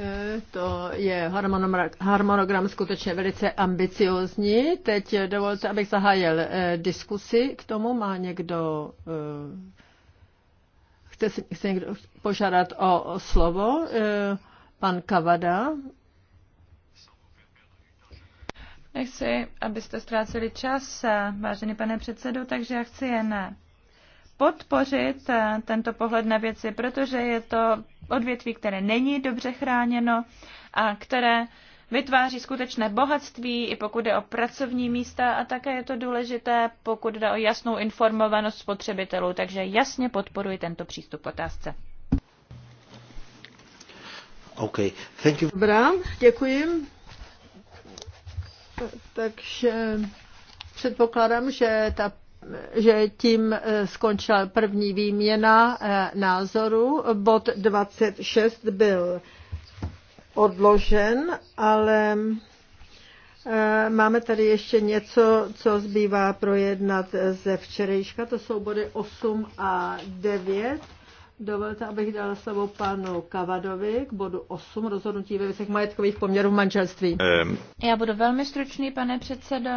E, to je harmonogram skutečně velice ambiciozní. Teď dovolte, abych zahájil e, diskusi. K tomu má někdo e, chce, si, chce někdo požádat o, o slovo? Pan Kavada. Nechci, abyste ztráceli čas, vážený pane předsedo, takže já chci jen podpořit eh, tento pohled na věci, protože je to odvětví, které není dobře chráněno a které vytváří skutečné bohatství, i pokud jde o pracovní místa a také je to důležité, pokud jde o jasnou informovanost spotřebitelů. Takže jasně podporuji tento přístup k otázce. Okay. Thank you. Dobrá, děkuji. Takže předpokládám, že ta že tím eh, skončila první výměna eh, názoru. Bod 26 byl odložen, ale eh, máme tady ještě něco, co zbývá projednat ze včerejška. To jsou body 8 a 9. Dovolte, abych dala slovo panu Kavadovi k bodu 8 rozhodnutí ve věcech majetkových poměrů v manželství. Já budu velmi stručný, pane předsedo.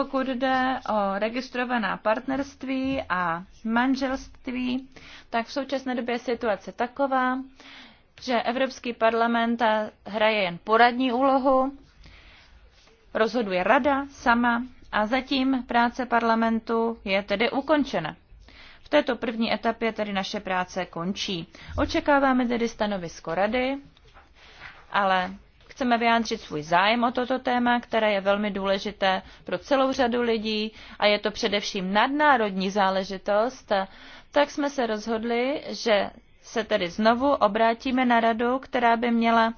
Pokud jde o registrovaná partnerství a manželství, tak v současné době je situace taková, že Evropský parlament hraje jen poradní úlohu, rozhoduje rada sama a zatím práce parlamentu je tedy ukončena. V této první etapě tedy naše práce končí. Očekáváme tedy stanovisko rady, ale Chceme vyjádřit svůj zájem o toto téma, které je velmi důležité pro celou řadu lidí a je to především nadnárodní záležitost, tak jsme se rozhodli, že se tedy znovu obrátíme na radu, která by měla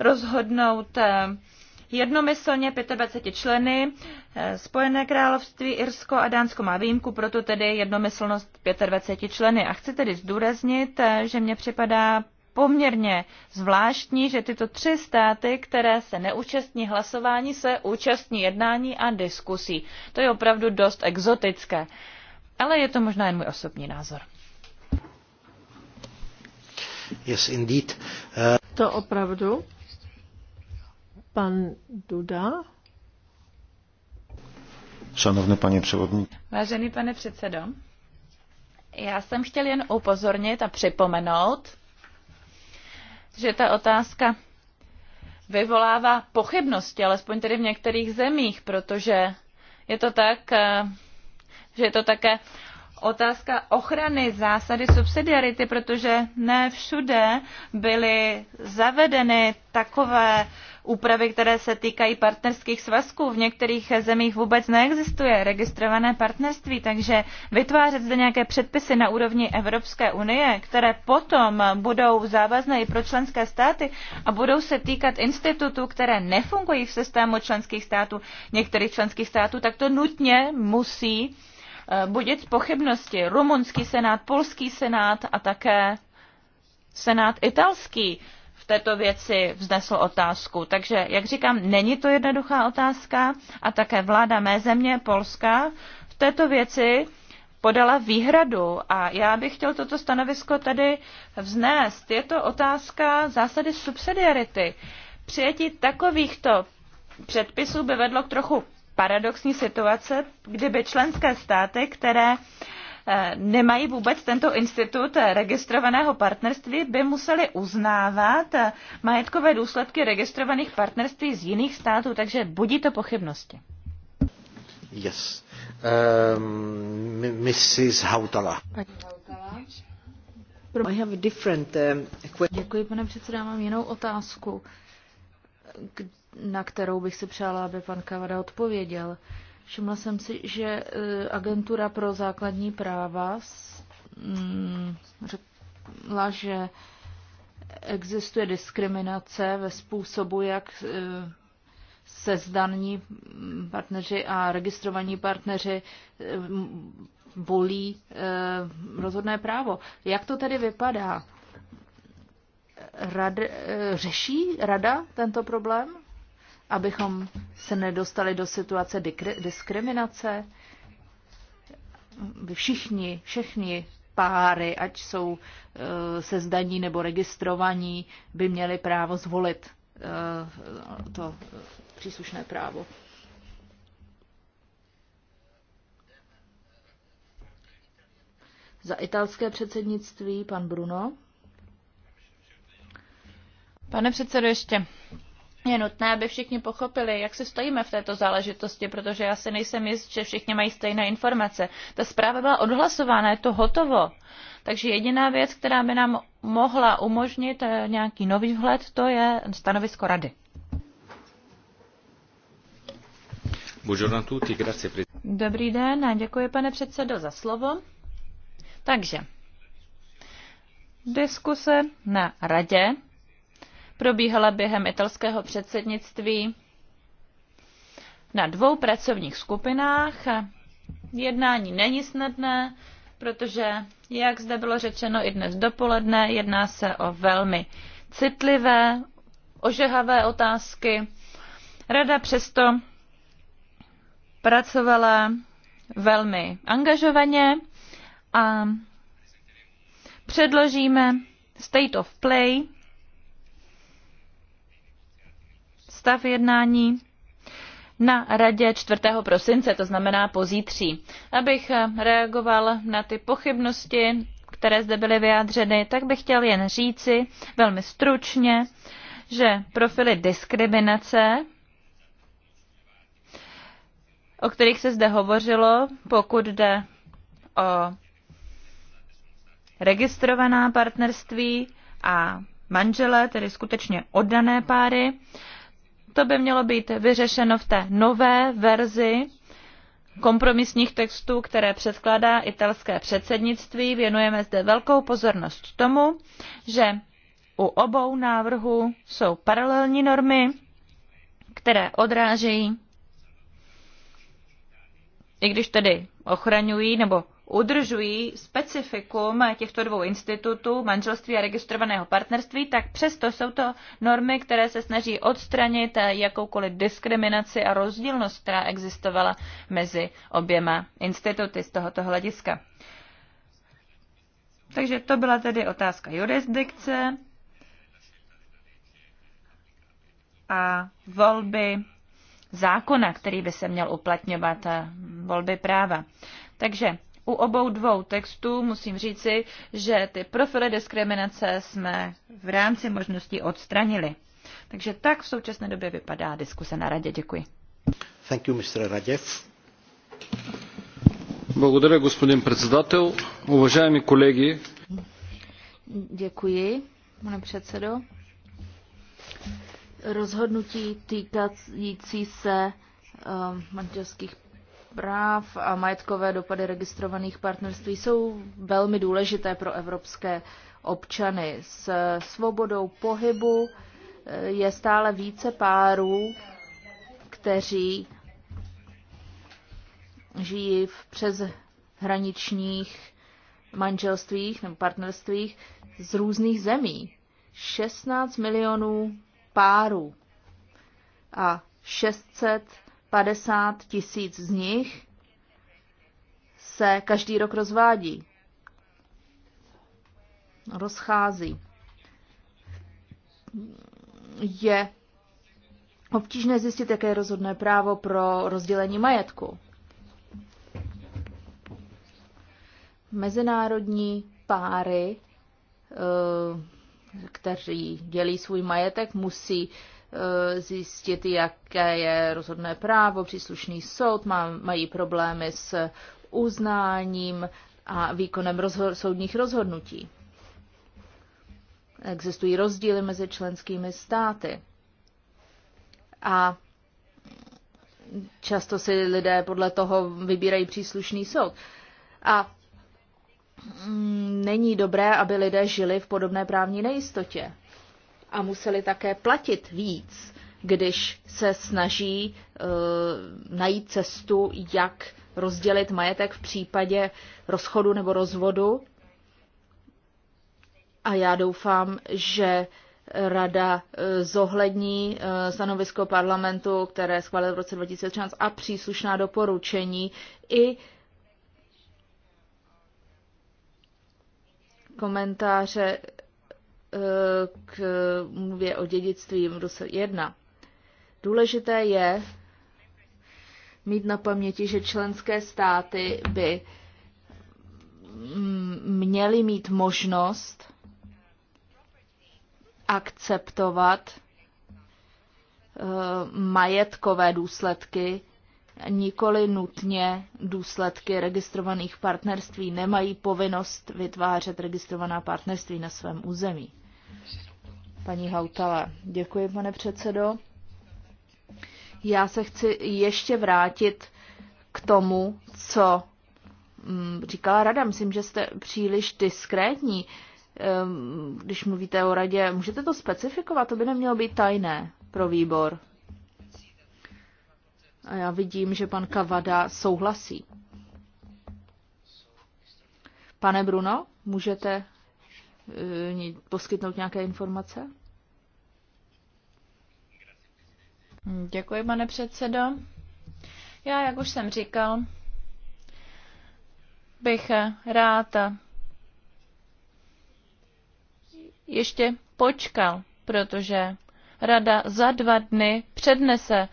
rozhodnout eh, jednomyslně 25 členy. Eh, Spojené království, Irsko a Dánsko má výjimku, proto tedy jednomyslnost 25 členy. A chci tedy zdůraznit, eh, že mně připadá poměrně zvláštní, že tyto tři státy, které se neúčastní hlasování, se účastní jednání a diskusí. To je opravdu dost exotické. Ale je to možná jen můj osobní názor. Yes, indeed. Uh... To opravdu. Pan Duda. Šanovný pane převodník. Vážený pane předsedo, já jsem chtěl jen upozornit a připomenout, že ta otázka vyvolává pochybnosti, alespoň tedy v některých zemích, protože je to tak, eh, že je to také otázka ochrany zásady subsidiarity, protože ne všude byly zavedeny takové úpravy, které se týkají partnerských svazků. V některých zemích vůbec neexistuje registrované partnerství, takže vytvářet zde nějaké předpisy na úrovni Evropské unie, které potom budou závazné i pro členské státy a budou se týkat institutů, které nefungují v systému členských států, některých členských států, tak to nutně musí eh, budit pochybnosti. Rumunský senát, polský senát a také senát italský této věci vznesl otázku. Takže, jak říkám, není to jednoduchá otázka a také vláda mé země, Polska, v této věci podala výhradu a já bych chtěl toto stanovisko tady vznést. Je to otázka zásady subsidiarity. Přijetí takovýchto předpisů by vedlo k trochu paradoxní situace, kdyby členské státy, které uh, Eh, nemají vůbec tento institut eh, registrovaného partnerství, by museli uznávat eh, majetkové důsledky registrovaných partnerství z jiných států, takže budí to pochybnosti. Yes. Um, Mrs. Hautala. I have a different, um, Děkuji, pane předsedo, mám jinou otázku, na kterou bych si přála, aby pan Kavada odpověděl. Uh, Všimla jsem si, že e, agentura pro základní práva mm, řekla, že existuje diskriminace ve způsobu, jak e, sezdaní partneři a registrovaní partneři e, volí rozhodné právo. Jak to tedy vypadá? Rad, řeší rada tento problém? abychom se nedostali do situace diskriminace. Všichni, všichni páry, ať jsou e, se zdaní nebo registrovaní, by měli právo zvolit e, to příslušné právo. Za italské předsednictví pan Bruno. Pane předsedo, ještě je nutné, aby všichni pochopili, jak si stojíme v této záležitosti, protože já si nejsem jist, že všichni mají stejné informace. Ta zpráva byla odhlasována, je to hotovo. Takže jediná věc, která by nám mohla umožnit eh, nějaký nový vhled, to je stanovisko rady. Dobrý den, děkuji pane předsedo za slovo. Takže, diskuse na radě probíhala během italského předsednictví na dvou pracovních skupinách. Jednání není snadné, protože, jak zde bylo řečeno i dnes dopoledne, jedná se o velmi citlivé, ožehavé otázky. Rada přesto pracovala velmi angažovaně a předložíme State of Play stav jednání na radě 4. prosince, to znamená pozítří. Abych reagoval na ty pochybnosti, které zde byly vyjádřeny, tak bych chtěl jen říci velmi stručně, že profily diskriminace, o kterých se zde hovořilo, pokud jde o registrovaná partnerství a manžele, tedy skutečně oddané páry, to by mělo být vyřešeno v té nové verzi kompromisních textů, které předkládá italské předsednictví. Věnujeme zde velkou pozornost tomu, že u obou návrhů jsou paralelní normy, které odrážejí, i když tedy ochraňují nebo udržují specifikum těchto dvou institutů, manželství a registrovaného partnerství, tak přesto jsou to normy, které se snaží odstranit jakoukoliv diskriminaci a rozdílnost, která existovala mezi oběma instituty z tohoto hlediska. Takže to byla tedy otázka jurisdikce a volby zákona, který by se měl uplatňovat, volby práva. Takže u obou dvou textů musím říci, že ty profily diskriminace jsme v rámci možností odstranili. Takže tak v současné době vypadá diskuse na radě. Děkuji. Thank you, Mr. Radev. Благодаря, господин председател. Уважаеми колеги. Děkuji, pane předsedo. Rozhodnutí týkající se uh, manželských práv a majetkové dopady registrovaných partnerství jsou velmi důležité pro evropské občany. S svobodou pohybu eh, je stále více párů, kteří žijí v přeshraničních manželstvích nebo partnerstvích z různých zemí. 16 milionů párů a 600 50 tisíc z nich se každý rok rozvádí, rozchází. Je obtížné zjistit, jaké je rozhodné právo pro rozdělení majetku. Mezinárodní páry, eh, kteří dělí svůj majetek, musí Eh, zjistit, jaké je rozhodné právo, příslušný soud, má, mají problémy s uznáním a výkonem rozho- soudních rozhodnutí. Existují rozdíly mezi členskými státy. A často si lidé podle toho vybírají příslušný soud. A mm, není dobré, aby lidé žili v podobné právní nejistotě a museli také platit víc, když se snaží e, najít cestu, jak rozdělit majetek v případě rozchodu nebo rozvodu. A já doufám, že Rada eh, zohlední eh, stanovisko parlamentu, které schválil v roce 2013 a příslušná doporučení i komentáře k mluvě o dědictví Brusel 1. Důležité je mít na paměti, že členské státy by mm, měly mít možnost akceptovat eh, majetkové důsledky, nikoli nutně důsledky registrovaných partnerství. Nemají povinnost vytvářet registrovaná partnerství na svém území. Paní Hautala, děkuji, pane předsedo. Já se chci ještě vrátit k tomu, co mm, říkala rada. Myslím, že jste příliš diskrétní, když mluvíte o radě. Můžete to specifikovat? To by nemělo být tajné pro výbor. A já vidím, že pan Kavada souhlasí. Pane Bruno, můžete Eh, poskytnout nějaké informace? Děkuji, pane předsedo. Já, jak už jsem říkal, bych rád ještě počkal, protože rada za dva dny přednese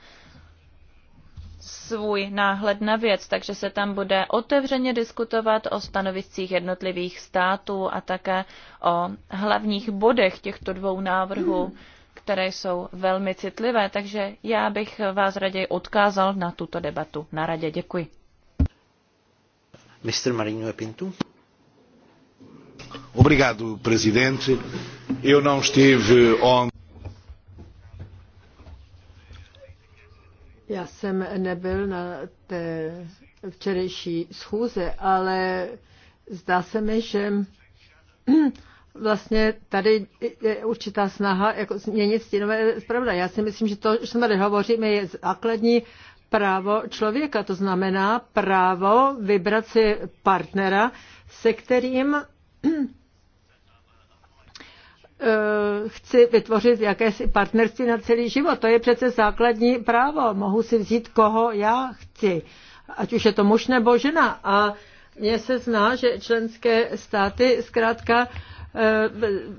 svůj náhled na věc, takže se tam bude otevřeně diskutovat o stanoviscích jednotlivých států a také o hlavních bodech těchto dvou návrhů, které jsou velmi citlivé. Takže já bych vás raději odkázal na tuto debatu na radě. Děkuji. Mr. Marino Pinto. Obrigado, presidente. Eu não estive on... Já jsem nebyl na té včerejší schůze, ale zdá se mi, že vlastně tady je určitá snaha jako změnit stínové zpravodaj. Já si myslím, že to, že jsme tady hovoříme, je základní právo člověka, to znamená právo vybrat si partnera, se kterým Eh, chci vytvořit jakési partnerství na celý život. To je přece základní právo. Mohu si vzít, koho já chci. Ať už je to muž nebo žena. A mně se zná, že členské státy zkrátka eh,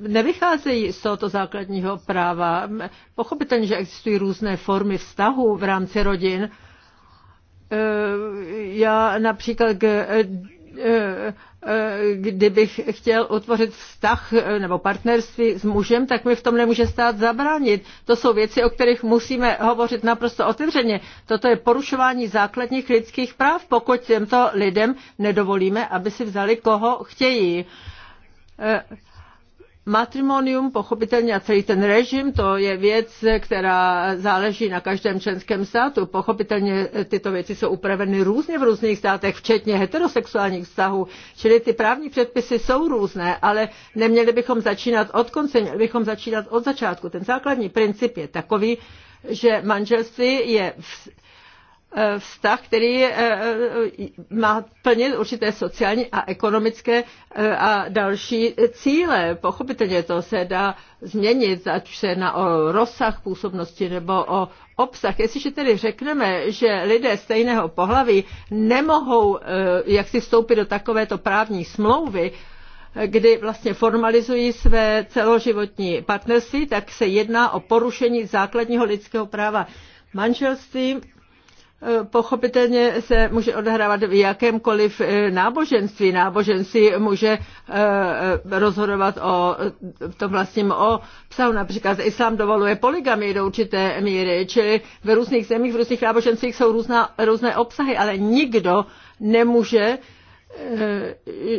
nevycházejí z tohoto základního práva. Pochopitelně, že existují různé formy vztahu v rámci rodin. Eh, já například k Eh, eh, kdybych chtěl utvořit vztah eh, nebo partnerství s mužem, tak mi v tom nemůže stát zabránit. To jsou věci, o kterých musíme hovořit naprosto otevřeně. Toto je porušování základních lidských práv, pokud těmto lidem nedovolíme, aby si vzali, koho chtějí matrimonium, pochopitelně a celý ten režim, to je věc, která záleží na každém členském státu. Pochopitelně eh, tyto věci jsou upraveny různě v různých státech, včetně heterosexuálních vztahů, čili ty právní předpisy jsou různé, ale neměli bychom začínat od konce, měli bychom začínat od začátku. Ten základní princip je takový, že manželství je v E, vztah, který e, e, má plnit určité sociální a ekonomické a další cíle. Pochopitelně to se dá změnit, ať se na o rozsah působnosti nebo o obsah. Jestliže tedy řekneme, že lidé stejného pohlaví nemohou jak si vstoupit do takovéto právní smlouvy, kdy vlastně formalizují své celoživotní partnerství, tak se jedná o porušení základního lidského práva manželství Eh, pochopitelně se může odehrávat v jakémkoliv eh, náboženství. Náboženství může eh, rozhodovat o tom vlastním o psahu. Například islám dovoluje poligamy do určité míry, čili v různých zemích, v různých náboženstvích jsou různá, různé obsahy, ale nikdo nemůže Eh,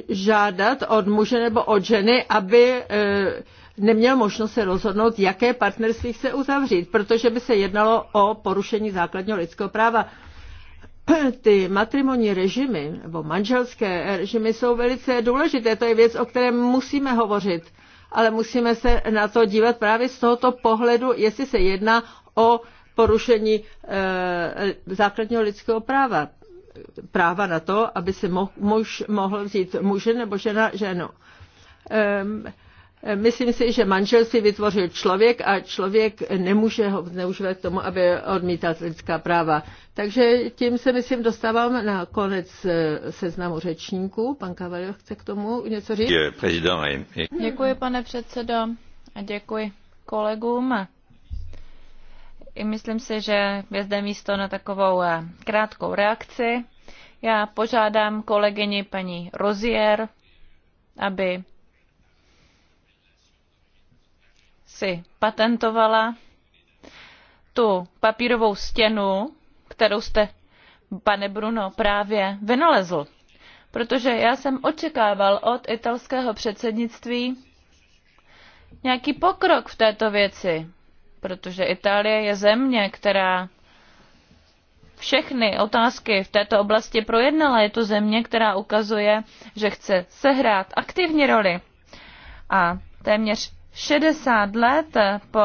žádat od muže nebo od ženy, aby eh, neměl možnost se rozhodnout, jaké partnerství chce uzavřít, protože by se jednalo o porušení základního lidského práva. Ty matrimonní režimy nebo manželské režimy jsou velice důležité. To je věc, o které musíme hovořit, ale musíme se na to dívat právě z tohoto pohledu, jestli se jedná o porušení e, základního lidského práva práva na to, aby si muž mohl vzít muže nebo žena ženu. Ehm, myslím si, že manžel si vytvořil člověk a člověk nemůže ho zneužívat k tomu, aby odmítal lidská práva. Takže tím se, myslím, dostávám na konec eh, seznamu řečníků. Pan Kavalio chce k tomu něco říct? Děkuji, pane předsedo, a děkuji kolegům i myslím si, že je zde místo na takovou eh, krátkou reakci. Já požádám kolegyni paní Rozier, aby si patentovala tu papírovou stěnu, kterou jste, pane Bruno, právě vynalezl. Protože já jsem očekával od italského předsednictví nějaký pokrok v této věci protože Itálie je země, která všechny otázky v této oblasti projednala. Je to země, která ukazuje, že chce sehrát aktivní roli. A téměř 60 let po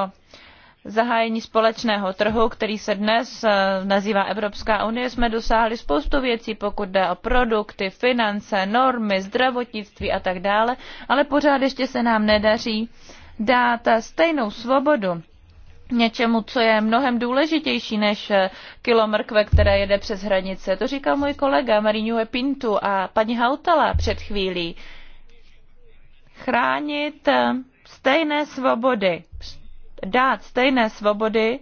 zahájení společného trhu, který se dnes eh, nazývá Evropská unie, jsme dosáhli spoustu věcí, pokud jde o produkty, finance, normy, zdravotnictví a tak dále, ale pořád ještě se nám nedaří dát stejnou svobodu něčemu, co je mnohem důležitější než eh, kilo mrkve, které jede přes hranice. To říkal můj kolega Marinu Pintu a paní Hautala před chvílí. Chránit eh, stejné svobody, dát stejné svobody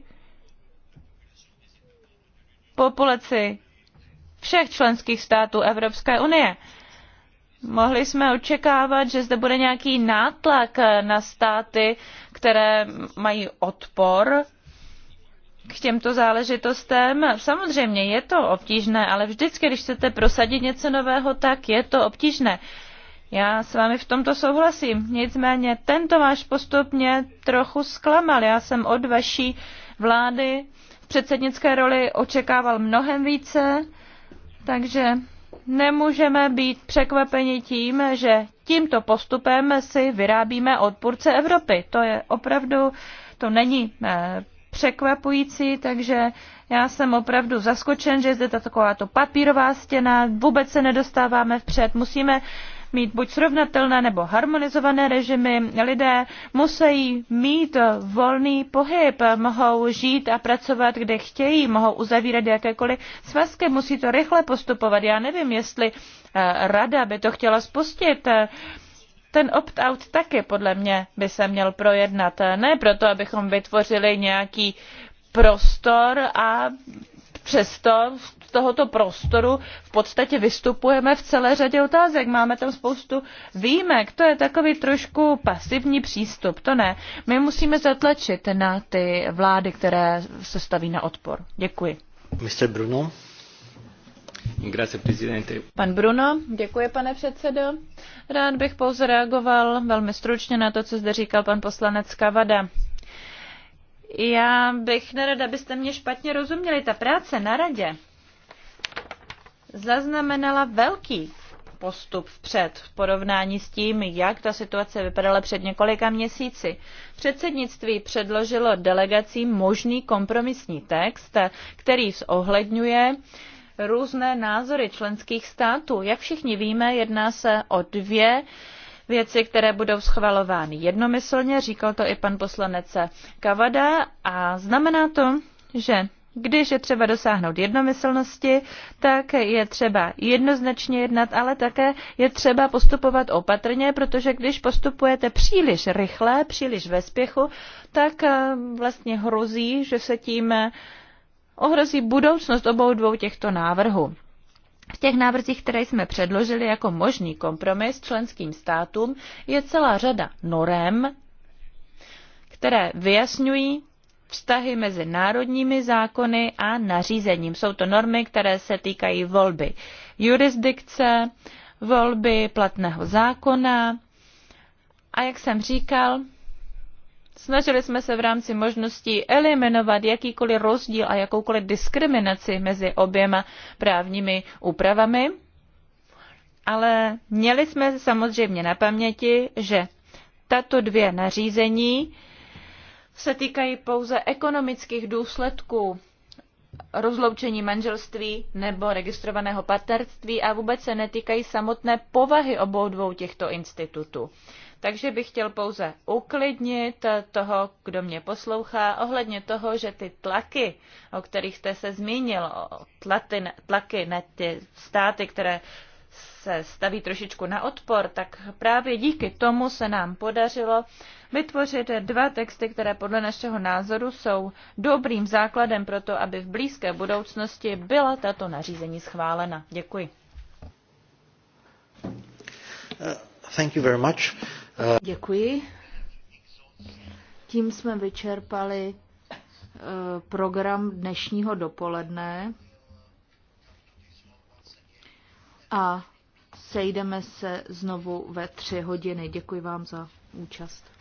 populaci všech členských států Evropské unie. Mohli jsme očekávat, že zde bude nějaký nátlak eh, na státy, které mají odpor k těmto záležitostem. Samozřejmě je to obtížné, ale vždycky, když chcete prosadit něco nového, tak je to obtížné. Já s vámi v tomto souhlasím. Nicméně tento váš postup mě trochu zklamal. Já jsem od vaší vlády v předsednické roli očekával mnohem více, takže nemůžeme být překvapeni tím, že tímto postupem si vyrábíme odpůrce Evropy. To je opravdu, to není eh, překvapující, takže já jsem opravdu zaskočen, že je zde takováto papírová stěna, vůbec se nedostáváme vpřed, musíme mít buď srovnatelné nebo harmonizované režimy. Lidé musí mít volný pohyb, mohou žít a pracovat, kde chtějí, mohou uzavírat jakékoliv svazky, musí to rychle postupovat. Já nevím, jestli eh, rada by to chtěla spustit. Ten opt-out taky podle mě by se měl projednat. Ne proto, abychom vytvořili nějaký prostor a Přesto z tohoto prostoru v podstatě vystupujeme v celé řadě otázek. Máme tam spoustu výjimek. To je takový trošku pasivní přístup. To ne. My musíme zatlačit na ty vlády, které se staví na odpor. Děkuji. Mr. Bruno. Pan Bruno, děkuji pane předsedo. Rád bych pouze reagoval velmi stručně na to, co zde říkal pan poslanec Kavada. Já bych nerada, abyste mě špatně rozuměli. Ta práce na radě zaznamenala velký postup vpřed v porovnání s tím, jak ta situace vypadala před několika měsíci. Předsednictví předložilo delegací možný kompromisní text, který zohledňuje různé názory členských států. Jak všichni víme, jedná se o dvě uh, věci, které budou schvalovány jednomyslně, říkal to i pan poslanec Kavada a znamená to, že když je třeba dosáhnout jednomyslnosti, tak je třeba jednoznačně jednat, ale také je třeba postupovat opatrně, protože když postupujete příliš rychle, příliš ve spěchu, tak eh, vlastně hrozí, že se tím eh, ohrozí budoucnost obou dvou těchto návrhů. V těch návrzích, které jsme předložili jako možný kompromis členským státům, je celá řada norem, které vyjasňují vztahy mezi národními zákony a nařízením. Jsou to normy, které se týkají volby jurisdikce, volby platného zákona a jak jsem říkal, Snažili jsme se v rámci možností eliminovat jakýkoliv rozdíl a jakoukoliv diskriminaci mezi oběma právními úpravami, ale měli jsme samozřejmě na paměti, že tato dvě nařízení se týkají pouze ekonomických důsledků rozloučení manželství nebo registrovaného partnerství a vůbec se netýkají samotné povahy obou dvou těchto institutů. Takže bych chtěl pouze uklidnit toho, kdo mě poslouchá, ohledně toho, že ty tlaky, o kterých jste se zmínil, tlaty, tlaky na ty státy, které se staví trošičku na odpor, tak právě díky tomu se nám podařilo vytvořit dva texty, které podle našeho názoru jsou dobrým základem pro to, aby v blízké budoucnosti byla tato nařízení schválena. Děkuji. Eh, Uh, Děkuji. Tím jsme vyčerpali uh, program dnešního dopoledne a sejdeme se znovu ve tři hodiny. Děkuji vám za účast.